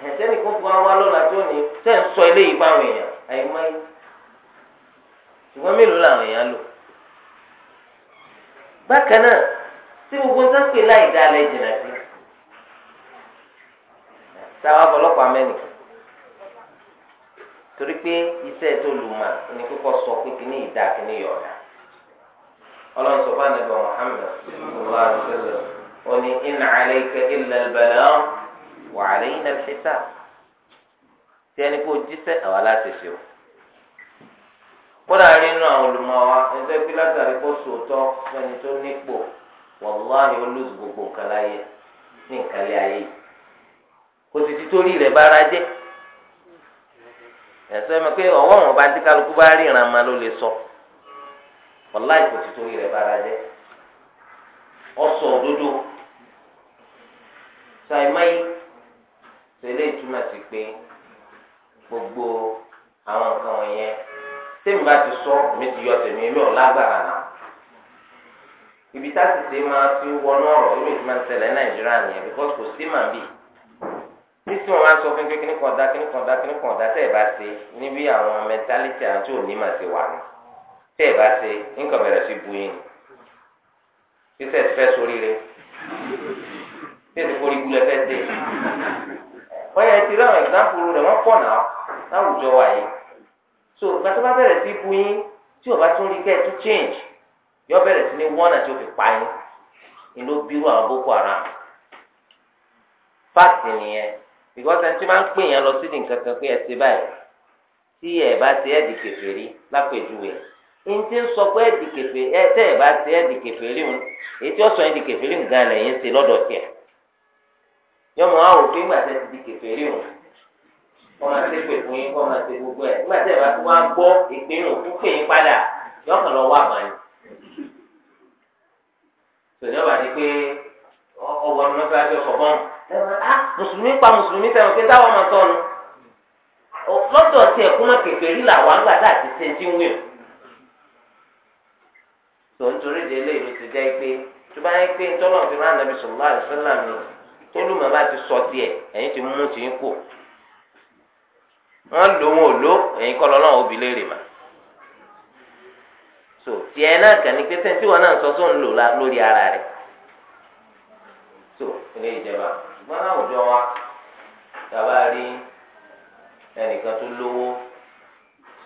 ẹ̀sẹ̀ni kó fún wa lọ́la tó ní tẹ́ ń sọ eléyìí fáwọn èèyàn àìmọ́yé ṣùgbọ́n mélòó làwọn èèyàn lò. bákan náà tí gbogbo ń sọ́pẹ́ láì dá alẹ́ sí. torí pé iṣẹ́ tó lù mà ní kíkọ́ sọ pé ní ìdá kíní yọ̀ọ̀dà ọlọ́run sọ fún muhammed ó ní in alayka illa al-balagh wa alayna al-hisab tí ẹni kó jíṣẹ́ àwa láti ṣe o kódà nínú àwọn olùmọ̀wá ẹgbẹ́ látàrí kó sòótọ́ tó gbogbo nǹkan láyé ní nǹkan lé ayé kò ese mi pé ọwọ́ wọn bá ń bá rí ma ló lè sọ ọ̀la ìkò tí rẹ̀ bára jẹ́ ọ̀sọ̀ òdodo ìtumọ̀ sí pé gbogbo àwọn nǹkan wọ̀nyẹn tẹ́mi bá ti sọ mi ti yọ tẹ̀mí mi ibi tá a ṣe máa fi wọnú ọ̀rọ̀ ìtumọ̀ ṣẹlẹ̀ Nàìjíríà nìyẹn kò nítorí wọn máa ń sọ fún pé kíní kan dá kíní kan dá kíní kan dá tẹ́ ẹ bá ṣe níbi àwọn mẹtálítì àwọn tí ò ní màá ṣe wà ní tẹ́ ẹ bá ṣe nǹkan bẹ̀rẹ̀ sí bu yín títẹ̀ fẹ́ sórí rẹ títẹ̀ forí gulẹ̀ fẹ́ dé wọ́n yẹ ti rí àwọn ìgbàpuru rẹ̀ wọ́n pọ̀ náà láwùjọ wa yìí so ìgbà tó bá bẹ̀rẹ̀ sí bu yín tí ò bá tún rí kẹ́ẹ̀ tún change yọ bẹ̀rẹ̀ sí ní wọ́nà tí ó fi pa yín ìlú bírú àwọn boko haram fáàtì nìyẹn because ẹni tí máa ń pè yẹn lọ sí ní nǹkan kan pé ẹ ti báyìí tí ẹ bá ti ẹ di kèfèrí lápèjúwe ẹni tí ń sọ pé ẹ di kèfèrí ẹ tẹ ẹ bá ti ẹ di kèfèrí ń èyí tí ó sọ ẹ di kèfèrí ń gan lẹ́yìn ṣe lọ́dọ̀ tiẹ̀ yọmọ àwọn òfin gbà tẹ ti di kèfèrí ń wọn máa ṣe pè fún yín wọn máa ṣe gbogbo ẹ nígbà tí ẹ bá ti wá gbọ́ ìpinnu òfin pè yín padà yọkàn lọ wà mọ ni tòjọba ni pé ọwọ́ ni wọn fẹ́ẹ́ fẹ́ fọ bọ́ọ̀mù. Ah, mùsùlùmí pa mùsùlùmí sẹ́wọ̀n pé táwọn máa tọ́nu lọ́dọ̀ tí ẹ̀kú náà kẹfẹ́ rí làwọn àgbà tá àti sẹ́ńtì ń wíwọ̀n. tó ń torí de eléyìí ló ti jẹ́ pé tó bá yẹ pé ntọ́nà ti rán anabi sallallahu alaihi wasallam ni tólùmọ̀ bá ti sọ tiẹ̀ ẹ̀yin ti mú ti ń kù. wọ́n lò wọn ò lò ẹ̀yin kọ́ lọ́nà òbí léèrè mà. tó tiẹ̀ náà kàn ní pé sẹ́ńtì wọn náà sọ sóun lò lórí ara rẹ̀. tó ilé ìjẹba. ṣùgbọ́n láwùjọ wa tàbá rí ẹnìkan tó lówó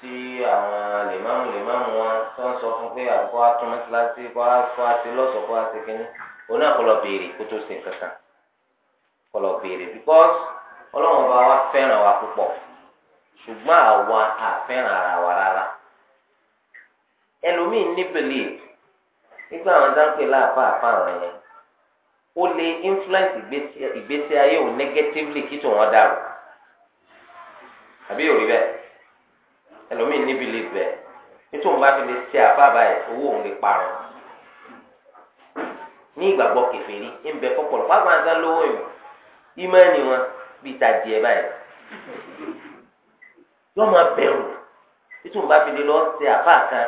tí àwọn lèmọ́mù lèmọ́mù wọn tó ń sọ fún pé àkọ́ atúmọ̀síláṣí kọ́ afọ́ àti lọ́sọ̀ kọ́ àti kínní òun náà béèrè kó tó kankan béèrè because ọlọ́run bá wa ara wa rárá ẹlòmíín nígbà àwọn ó lè influence ìgbésí ayé o negatively kí tòun ọ̀dà rò àbí yóò rí bẹ́ẹ̀ ẹlòmíín níbi lè bẹ̀ nítorí òun bá fi lè ṣe àbábà ẹ̀ owó òun lè parun ní ìgbàgbọ́ kẹfẹ́rí ń bẹ fọpọlọ fáwọn àgbà lówó ìmọ̀ ìmọ̀ẹ́nì wọn bíi ìtajì ẹ̀ báyìí yóò máa bẹ̀rù nítorí òun bá fi lè lọ ṣe àbá kan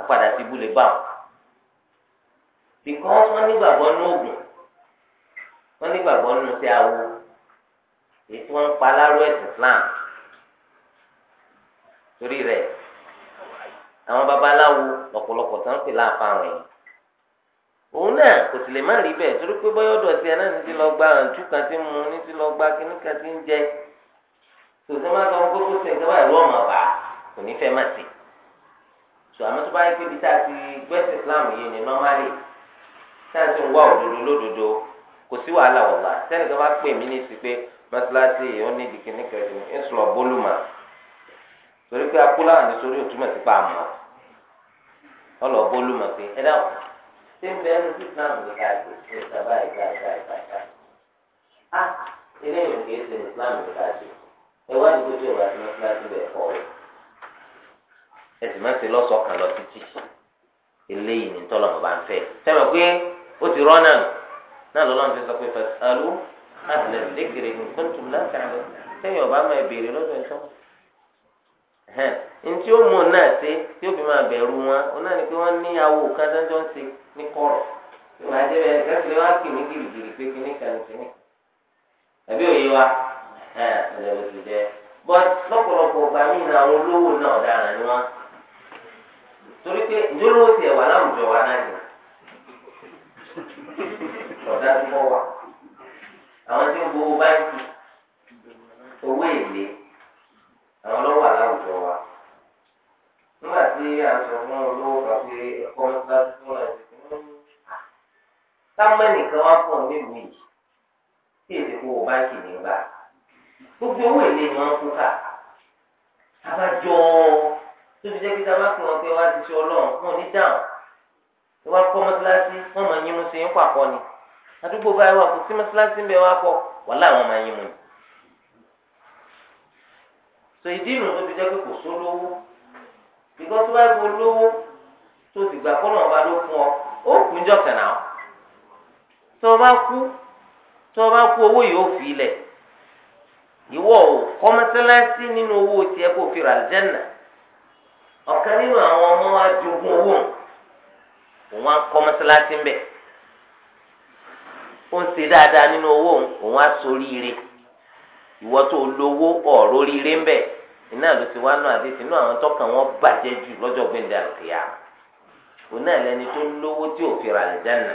àpàdà ti bú lè bá wọn because wọn nígbàgbọ́ ní oògùn wọ́n nígbàgbọ́ nínú sí awo èyí tí wọ́n ń pa aláró ẹ̀sìn Islam torí rẹ̀ àwọn babaláwo lọ́pọ̀lọpọ̀ tó ń pè láàfà àwọn yìí òun náà kò sì lè má rí bẹ́ẹ̀ torí pé bọ́yọ̀ ọ̀dọ̀ tiẹ̀ náà ní ti lọ gba àǹtú kan ti mu ní ti lọ gba kíní kan ti ń jẹ tòótọ́ máa sọ kókó sí ẹ̀ka báyìí lọ́ọ̀mà bá kò ní fẹ́ má sí tò àmọ́ tó bá yẹ pé bí tá a ti gbẹ́sì Islam yìí ni nọ́málì tá a ti ń wá òdodo lódodo kò sí wàhálà wọ̀lá sẹ́ni tó bá pè mí ní sí pé mọ́sálásí ó ní ìdíkì ní kẹrìndì ní ìsúlọ̀ bólúmà torí pé òtúmọ̀ sí pa àmọ́ ọlọ́ bólúmà pé ẹ dákun ṣé ń bẹ ẹnu títí náà káàkiri ṣe ìtàbá ìgbà ìgbà ìgbà ìgbà á eléyìí kì í ṣe Islam lè káàkiri ẹ wá ní gbogbo ìwà tí mọ́sálásí bẹ̀ fọ́ ẹ sì má ti lọ́sọ̀ọ́ kan náà lọ́lọ́run fi sọ pé fasalu ahla dhikri in kuntum la ta'lamun ọba máa béèrè lọ́dọ̀ ẹ̀ sọ́wọ́ ntí ó mú náà ṣe tí ó fi máa ni pé ní awo kájọ́jọ́ ń ṣe ní kọ́rọ̀ ìwà jẹ́ bẹ́ẹ̀ kẹ́sìlẹ̀ wá kì ní gìrìgìrì pé kíní kan ti ní. òye wa ló ti lọ́pọ̀lọpọ̀ ọba mi ní àwọn olówó náà ọ̀daràn ni torí pé *laughs* ọ̀dà tó wà àwọn tí ń gbowó báńkì owó èlé àwọn lọ́wọ́ aláwùjọ wa nígbà tí a sọ fún olówó kan pé ẹ̀kọ́ ńlá tó wà ní sáwọn nìkan wá fún ọ nílùú yìí tí èdè kó o báńkì nígbà gbogbo owó èlé ni wọ́n kó kà abájọ tó fi jẹ́ kí sábà fún ọ pé wọ́n ti ṣe ọlọ́run fún ọ ní dáhùn tí wọ́n kọ́ mọ́sálásí wọ́n máa yín mu sí yín pàpọ̀ ni àdúgbò báyìí wà kò sí mọ́sálásí bẹ́ẹ̀ wá kọ́ wà láwọn máa yín mu ni. sọ ìdí ìrùn tó ti jẹ́ pé kò sólówó ìgbọ́ tó bá gbó lówó tó ti gbà kọ́nà ọba ló fún ọ ó kù ń jọ̀kàn náà tó o bá kú tó o bá kú owó yìí ó fi ilẹ̀ ìwọ ò kọ́ mọ́sálásí nínú owó tiẹ̀ kó fi rà àlùjánnà ọ̀kan nínú àwọn ọmọ wa jogún owó nù òun á kọ́ mọ́sálásí ń bẹ̀ ó ń ṣe dáadáa nínú owó òun á soríire ìwọ tó lówó ọ̀rọ̀ oríire ń bẹ̀ iná ló ti wá náà àdéhùn inú àwọn tọkàn wọn bàjẹ́ jù lọ́jọ́ gbẹ̀ndẹ̀ àlùkìyà òun náà lẹni tó lówó tí ò fi ra àlùjáná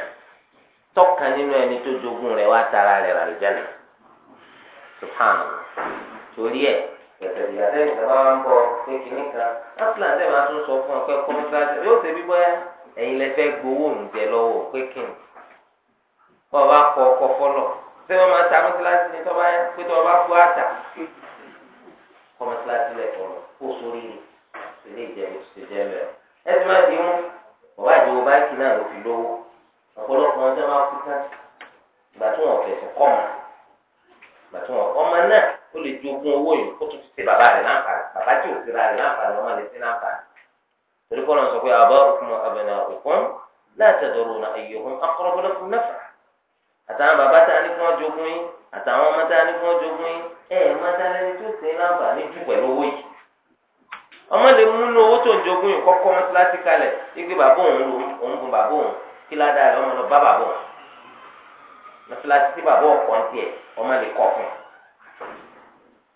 tọkàn nínú ẹni tó jogún rẹ̀ wá tara rẹ̀ ra àlùjáná subhanallah torí ẹ̀ ẹ̀sẹ̀ ìyá ẹ̀yin lẹ fẹ́ gbowó ǹjẹ lọ́wọ́ pé kí n kọ ọba kọ ọkọ fọlọ ṣé wọn máa ta mọsálásí ni tọba yẹn pé tọba kú àtà kọ mọsálásí lẹ fọlọ kó sórí ni ilé ìjẹun ti jẹ mẹ ẹ ti máa di mú bàbá ìdíwọ báńkì náà ló fi lówó ọ̀pọ̀lọpọ̀ ọjọ́ máa kú tán ìgbà tí wọn fẹsẹ̀ kọ mọ ìgbà tí wọn ọmọ náà ó lè jogún owó yìí kó tó ti ṣe bàbá rẹ̀ láǹfààní bàbá tí ò torí kọ́ lọ́n sọ pé abarukum wa abna'ukum la tadruna ayyuhum aqrabu lakum naf'a àtàwọn bàbá tá a ní fún ọjọ́gún yín àtàwọn ọmọ tá a ní fún ọjọ́gún yín ẹ ẹ má dá lẹ́ni tó ṣe láǹfààní jù pẹ̀lú owó yìí ọmọ lè mú ní owó tó ń jogún yìí kọ́kọ́ mọ́tíláṣí kalẹ̀ wípé bàbá òun ro òun gun bàbá òun kí ládà rẹ ọmọ lọ bá bàbá òun mọ́tíláṣí tí bàbá ọ̀kọ́ ń tiẹ̀ ọmọ lè kọ̀ fún un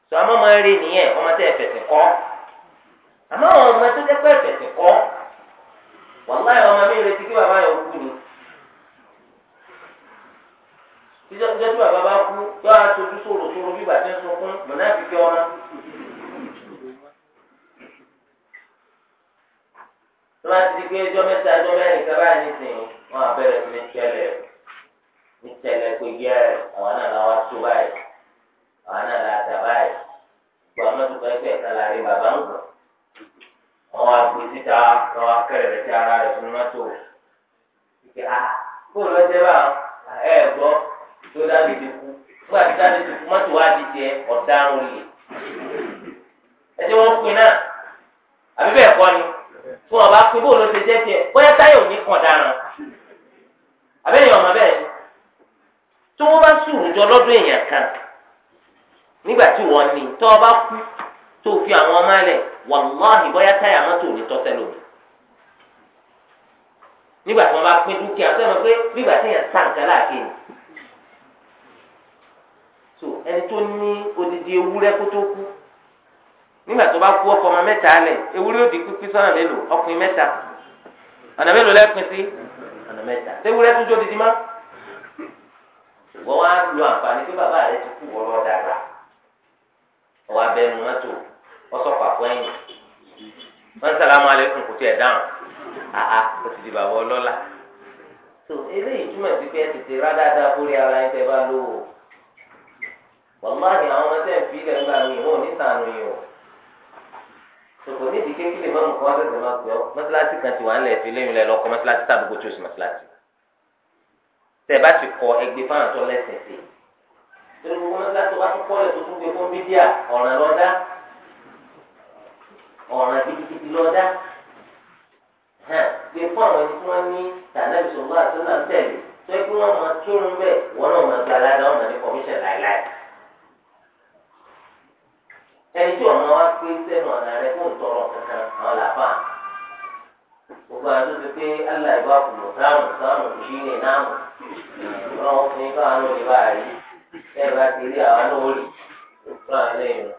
sọ àmọ́ máa rí nìyẹn ọmọ tẹ́ ẹ fẹ̀sìn kọ́ àmọ́ àwọn ọmọ tó jẹ́ pé ẹ̀fẹ̀ tẹ̀ kọ́ wàhálà àwọn ọmọ mi retí kí bàbá yẹn kú ni jíjẹ́ tí bàbá bá kú yọ àtọ́jú sòrò sòrò bí bàtẹ́ sunkún mọ̀nà àfikẹ́ ọmọ. láti di pé ẹjọ́ mẹ́ta ẹjọ́ mẹ́rin kaba yẹn nísìnyí wọn abẹ́rẹ́ fi ní tẹ́lẹ̀ ní tẹ́lẹ̀ pé yẹ àwọn náà làwọn tó báyìí àwọn náà làtà báyìí gbọ́ àwọn àgbè síta lọ́wọ́ akẹ́rẹ̀ rẹ̀ ti ara rẹ̀ fún mọ́tò ìgbà ah, bóòlù ọjọ́ bá ah, ẹ gbọ́ tó dábì ti kú nígbà tí dábì ti kú mọ́tò wá di tiẹ̀ ọ̀daràn olè ẹjẹ wọn pin náà àbí bẹ́ẹ̀ kọ́ ni tí wọn bá pin bóòlù ọjọ́ jẹ́ tiẹ̀ bóyá táyà ò ní kàn dáràn àbẹ́yẹn ọmọ bẹ́ẹ̀ tí wọ́n bá sùn jọ lọ́dún èèyàn kan nígbà tí wọ́n ní tọ́ ọ bá kú tó fi àwọn ọmọ ẹlẹ wàláhì bóyá táyà mọ́tò ní tọ́sẹ̀ lòdì nígbà tí wọ́n bá pín dúkìá sọ́yìn pé nígbà tí yẹn tà nǹkan láàkiri so ẹni tó ní odidi ewúrẹ́ kó tó kú nígbà tó bá kú ọkọ ọmọ mẹ́ta lẹ̀ ewúrẹ́ òdì pínpín sọ́nà mélòó ọkùnrin mẹ́ta ọ̀nà mélòó lẹ́pin sí ọ̀nà mẹ́ta ewúrẹ́ tó jó didi má wọ́n wá lo àǹfààní pé bàbá rẹ ti kú wọ́rọ́ dàgbà ọ̀wá bẹ́ẹ̀ mọ́tò ọsọ pàpọ ẹ̀yìn wọn sàlámù alẹkùn kò tiẹ̀ dáhùn àhà kò sì di bàbá ọlọ́lá tó eléyìí túmọ̀ sí pé ẹ tètè rá dáadáa bórí ara ẹ tẹ bá lò ó wàláhì àwọn ọmọ tẹ̀ ń fi ilẹ̀ ńlá mi ìwọ ní sànù yìí o tòkò ní ìdíkẹ́ kí lè má mú kọ́ ọ́ sẹ̀sẹ̀ má pẹ́ ọ́ mọ́sálásí kan ti wà ń lẹ̀ fi lẹ́yìn lẹ́ lọ́kọ́ mọ́sálásí tàbí kò tó sí mọ́sálásí tẹ bá ti kọ ẹgbẹ fáwọn tó lẹsẹ sí i torí gbogbo mọ́tò láti wá tó kọ́lẹ̀ tó tún gbé fún mídíà ọ̀ràn gidigidi lọ́dá gbé fún àwọn ẹni tí wọ́n ní tànàbí sọ̀rọ̀ àti náà tẹ̀lé tó yẹ kí wọ́n máa kírun bẹ́ẹ̀ wọ́n náà máa gba aládá wọn ní kọmíṣẹ̀ láéláé. ẹni tí ọ̀nà wa pé sẹ́nu ọ̀nà rẹ fún ìtọrọ kankan àwọn làbá gbogbo àwọn tó ti pé allah ìbá kùnú sáàmù sáàmù kùsí ní náàmù ìrànwọ́ fún yín káwọn ló lè bá rí ẹ bá ti rí àwọn lórí fún àwọn lẹ́yìn rẹ.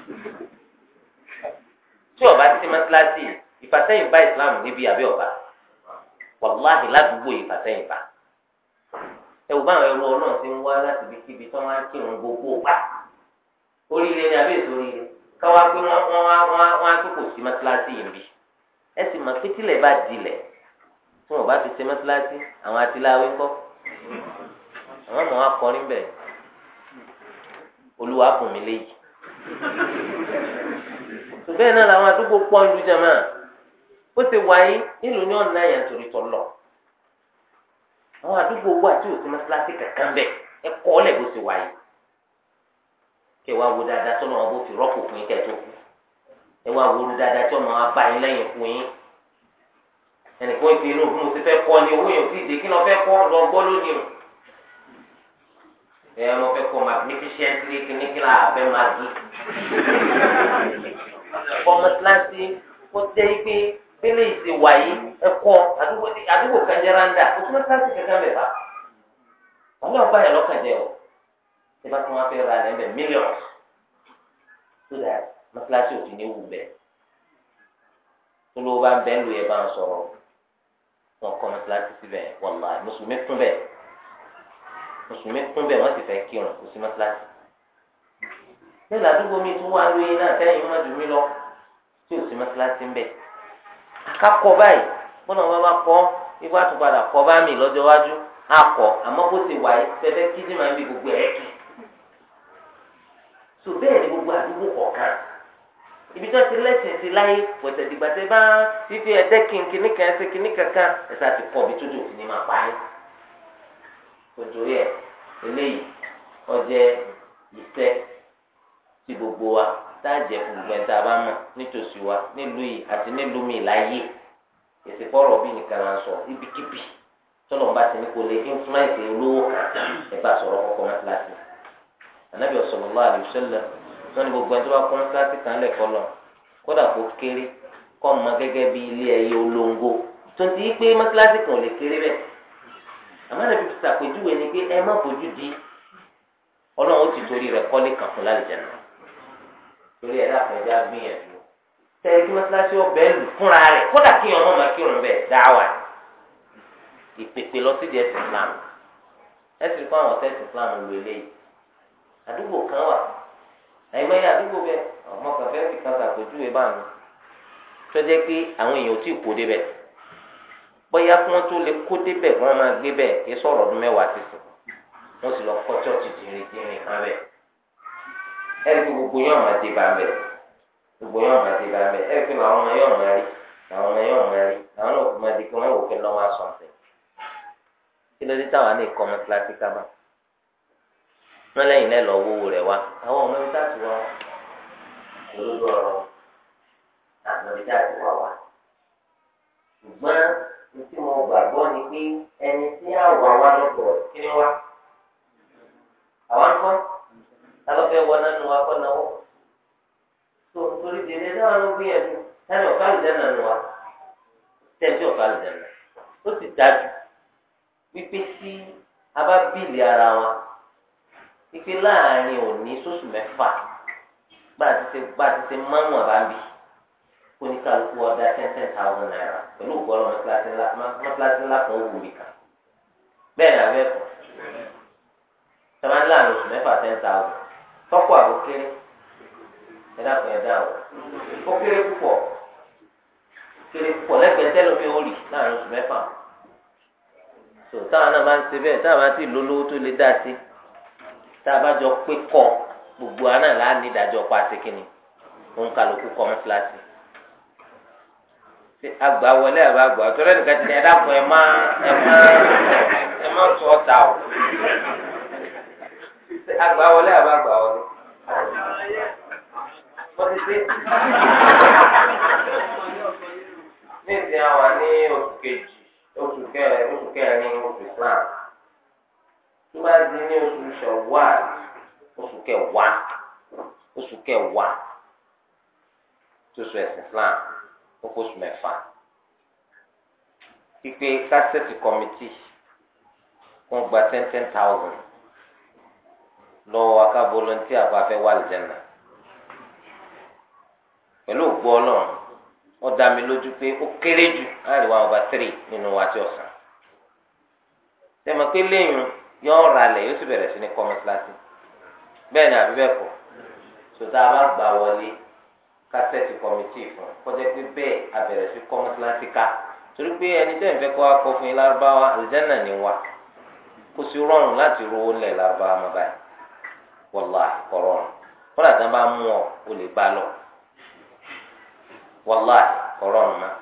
tí ọba ti mọ́sálásí ìfàsẹ́yìn bá ìsìláàmù níbi àbí ọba wàláhì ládùúgbò ìfàsẹ́yìn bá ẹ wò báwọn ẹrú ọlọ́run ti ń wá láti ibi kíbi tí wọ́n á kírun gbogbo gbà oríire ni àbí èso oríire káwá pé wọ́n wọ́n wọ́n á tó kò sí mọ́sálásí yìí bí ẹ sì mọ̀ pétílẹ̀ bá dilẹ̀ tí wọ́n bá fi ṣe mọ́sálásí àwọn atiláwé ńkọ́ àwọn ọmọ wa kọrin bẹ̀ olúwa bùnmi léyìí bẹ́ẹ̀ náà làwọn àdúgbò pọ̀ ìlú jama ó ti wáyé nílùú ní ọ̀nà yẹn torí tọ̀ lọ àwọn àdúgbò wà tí òsì mọ́sálásí kankan bẹ̀ ẹ kọ́ ọ́ lẹ̀ bó ti wáyé kẹ wá wo dáadáa tó náà wọ́n bó fi rọ́pò fún yín kẹ́ tó kù ẹ wá wo dáadáa tó náà wọ́n bá yín lẹ́yìn fún yín ẹnìkan fi inú fún mo ti fẹ́ kọ́ ni owó yẹn ò fi dé kí ni fẹ́ kọ́ lọ gbọ́ lónìí o ẹ wọ́n fẹ́ kọ́ magnificently kí ni kí ọmọ síláṣí kó jẹ́ pé pélé ìṣe wàyí ẹ̀kọ́ àdúgbò kanjẹ́ráńdà kó tún síláṣí kankan bẹ̀ bá wọn náà báyà lọ́kàn jẹ́ o ṣé bá tún wá fẹ́ ra ẹ̀ bẹ̀ mílíọ̀nù tó dà mọ́síláṣí òfin ní wù bẹ́ẹ̀ tó ló bá ń bẹ́ẹ̀ lu yẹ bá ń sọ̀rọ̀ wọn kọ́ mọ́sálásí síbẹ̀ wàlá mùsùlùmí kún bẹ́ẹ̀ mùsùlùmí kún bẹ́ẹ̀ wọ́n sì fẹ́ kírun kò sí mọ́sálásí bẹ́ẹ̀ ládùúgbò mi tún wá lóyún náà sẹ́yìn mọ́ jù mí lọ tí ò sí mọ́sálásí ń bẹ̀. akákọ báyìí bọ́lá wọn bá kọ́ ikú àtúpadà kọ́ bá mi lọ́jọ́ wájú akọ àmọ́ kó ti wáyé kí ni màá bí gbogbo ẹ̀ kì. so bẹ́ẹ̀ ni gbogbo àdúgbò kọ̀ọ̀kan ibi tí wọ́n ti lẹ́sìn sí láyé pẹ̀sẹ̀ dìgbà tẹ́ bá fífi ẹ̀dẹ́ kìnkìnní kan ẹsẹ̀ kìnní kankan ẹ̀sẹ̀ àti pọ̀ bí tójú tí gbogbo wa tá a jẹ fún gbogbo ẹ̀ta bá mọ̀ nítòsí wa nílùú yìí àti nílùú mi láyé èsì fọ́rọ̀ bí nìkan la sọ ibikíbi tọ́lọ̀ bá ti ní kò lè influence olówó kan ẹ̀bá sọ̀rọ̀ kọ́kọ́ mẹ́tíláṣí ànábì sallallahu alaihi wasallam wọn ni gbogbo ẹni tó bá kọ́ mẹ́tíláṣí kan lẹ́kọ́ lọ kódà kó kéré kọ́ mọ gẹ́gẹ́ bí ilé ẹyẹ olóńgó tó ti pé mẹ́tíláṣí kan ò lè kéré bẹ́ẹ̀ àmọ́ ẹ̀rọ fífi ṣàpèjúwe ni pé ẹ má bójú di ọlọ́run ó ti torí rẹ̀ kọ́lé kan fún lálẹ́ jẹ̀nà torí ẹ̀ dáàbò ẹja gbìyànjú tẹ́lẹ̀ kí mọ́sálásí ọbẹ̀ lù fúnra rẹ̀ kódà kí ọmọ máa kírun bẹ́ẹ̀ dáwà ìpèpè lọ sí díẹ̀ sí Islam ẹ̀sìn fún àwọn tẹ́sí Islam lu eléyìí àdúgbò kan wà àdúgbò kan sàpèjúwe báyìí pé àwọn èèyàn ò tí ì kó débẹ̀ bóyá kí wọ́n tó lè kó débẹ̀ kí wọ́n máa gbé kí sọ̀rọ̀ ọdún mẹ́wàá ti ẹ̀rí kí gbogbo yóò máa dé bá mẹ́ gbogbo yóò máa dé bá mẹ́ ẹ̀rí kí làwọn ọmọ yóò máa rí làwọn ọmọ yóò máa rí làwọn náà kò máa di kí wọ́n wò pé normal something kí ló dé táwọn ní ìkọ́mọ kíláàsì kábà wọ́n lẹ́yìn náà lọ wọ́wọ́ rẹ̀ wá àwọn ọmọ ibi táàtì wá olódó ọ̀rọ̀ àwọn ibi táàtì wá wá ṣùgbọ́n tí mo gbàgbọ́ ni pé ẹni tí àwa wá lọ́dọ̀ kí ni wá àwa ń alọ́fẹ́ wọ nánu wa kọ́ náwó tó torí dèrè náà ló gbìyànjú sani ọ̀ká àlùjáná nu wa tẹ̀sí ọ̀ká àlùjáná ó sì dájú wípé sí abá bíìlì ara wa wípé láàrin òní sóṣù mẹ́fà gbà ti ṣe gbà ti ṣe márùn àbábí kó thousand naira pẹ̀lú ògbọ́n mọ́tíláṣí ńlá kan ó wù mí kà bẹ́ẹ̀ ni abẹ́ẹ̀kọ́ sọ́mọ́dé láàrin oṣù mẹ́fà ten thousand tọ́pọ̀ àbò kéré ẹ̀dá kan ẹ̀dá o ó kéré púpọ̀ kéré púpọ̀ lẹ́gbẹ̀ẹ́ tẹ́lómi ó rì láàrin oṣù mẹ́fà tó táwọn náà máa ń ṣe bẹ́ẹ̀ táwọn máa ti lólówó tó lè dá sí tá a bá jọ pé kọ gbogbo aná là á ní ìdájọ́ pa sí kínní òun kàlùkù kọ́ mọ́ fúláṣí agba wọlé àbá agba tọ́lá nìkan ti ní ẹ̀dá kan ẹ̀ má ẹ̀ má ẹ̀ má sọ ọ́ ta o àgbà wọlé àbá àgbà wọlé. wọ́n ti dé. ní ìsìn àwọn ní oṣù kejì oṣù kẹrin oṣù kẹrin oṣù Islam tó bá di ní oṣù Ṣawwal oṣù kẹwàá oṣù kẹwàá tó sọ ẹ̀sìn Islam ó kó oṣù mẹ́fà pípé kásẹ̀tì kọ́mítì wọ́n gba ten ten thousand. lọ́wọ́ wa ká volunteer bá fẹ́ wà lìjẹ́nà pẹ̀lú ògbó ọlọ́run ó dá mi lójú pé ó kéré jù láàrin nínú wa tí ọ̀sán tẹ̀mọ̀ pé lẹ́yìn yọ ra alẹ̀ yóò sì bẹ̀rẹ̀ sí ní bẹ́ẹ̀ ni àbí bẹ́ẹ̀ kọ́ a bá gbà wọlé fún kọjá pé bẹ́ẹ̀ àbẹ̀rẹ̀ sí ká torí pé ẹni tẹ́ fẹ́ kọ́ akọ fún yín lárúbáwá ni wà kó sì rọrùn láti rówó wàláhì kọ̀rọ̀rùn kọ́lá tí wọ́n bá mú ọ o lè bá lọ wàláhì kọ̀rọ̀rùn náà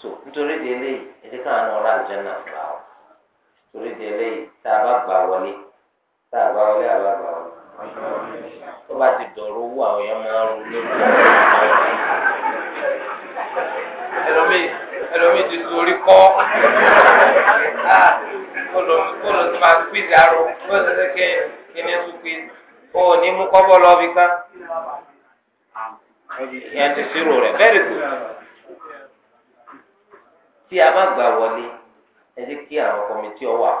so nítorí di eléyìí ẹ̀jẹ̀ káwọn ọ̀rọ̀ àlùjẹ́nà gbà ọ́ torí di eléyìí tá a bá gbà wọlé tá a bá wọlé àbá gbà wọlé tó bá ti dọ̀rọ̀ owó àwọn èèyàn máa ń ti tu kọ́ ah, kó ló ti máa kíni tún o ó ní mú kọ́bọ̀ lọ bí ká ìyẹn ti sírò rẹ̀ bẹ́ẹ̀ kù tí a bá gbà wọlé ẹ jẹ́ kí àwọn kọ́mítì ọ wà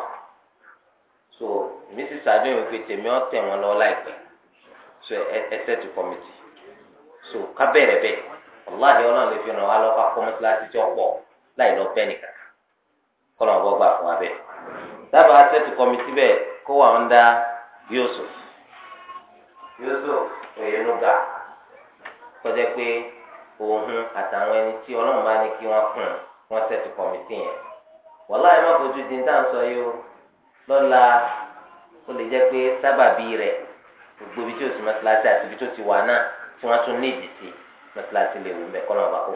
so èmi ti sàdéhùn pé tèmi ọ tẹ̀ wọ́n lọ láìpẹ́ so ẹsẹ̀ ti kọ́mítì so ká bẹ̀rẹ̀ bẹ́ẹ̀ ọláàdé ọlọ́run lè fi ràn wá lọ́ka kọ́mítì láti jọ pọ̀ láì lọ bẹ́ẹ̀ nìkan kọ́ lọ́n bọ́ fún wa bẹ́ẹ̀ dábàá ẹsẹ̀ ti kọ́mítì bẹ́ẹ̀ kó wà ń dá. Yusuf Yusuf Oyenuga kọjá pé òun àtàwọn ẹni tí ọlọ́run bá ní kí wọ́n kùn wọ́n sẹ́tù kọ̀mìtì yẹn wọ́lá má fojú di ní yìí o lọ́la ó lè jẹ́ pé sábàbí rẹ̀ gbogbo ibi tí o sì mọ́tíláṣí àti ibi tó ti wà náà tí wọ́n tún ní ìdìtì mọ́tíláṣí lè wù náà bá kó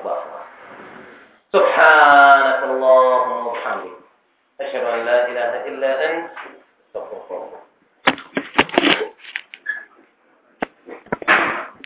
gbà fún wa.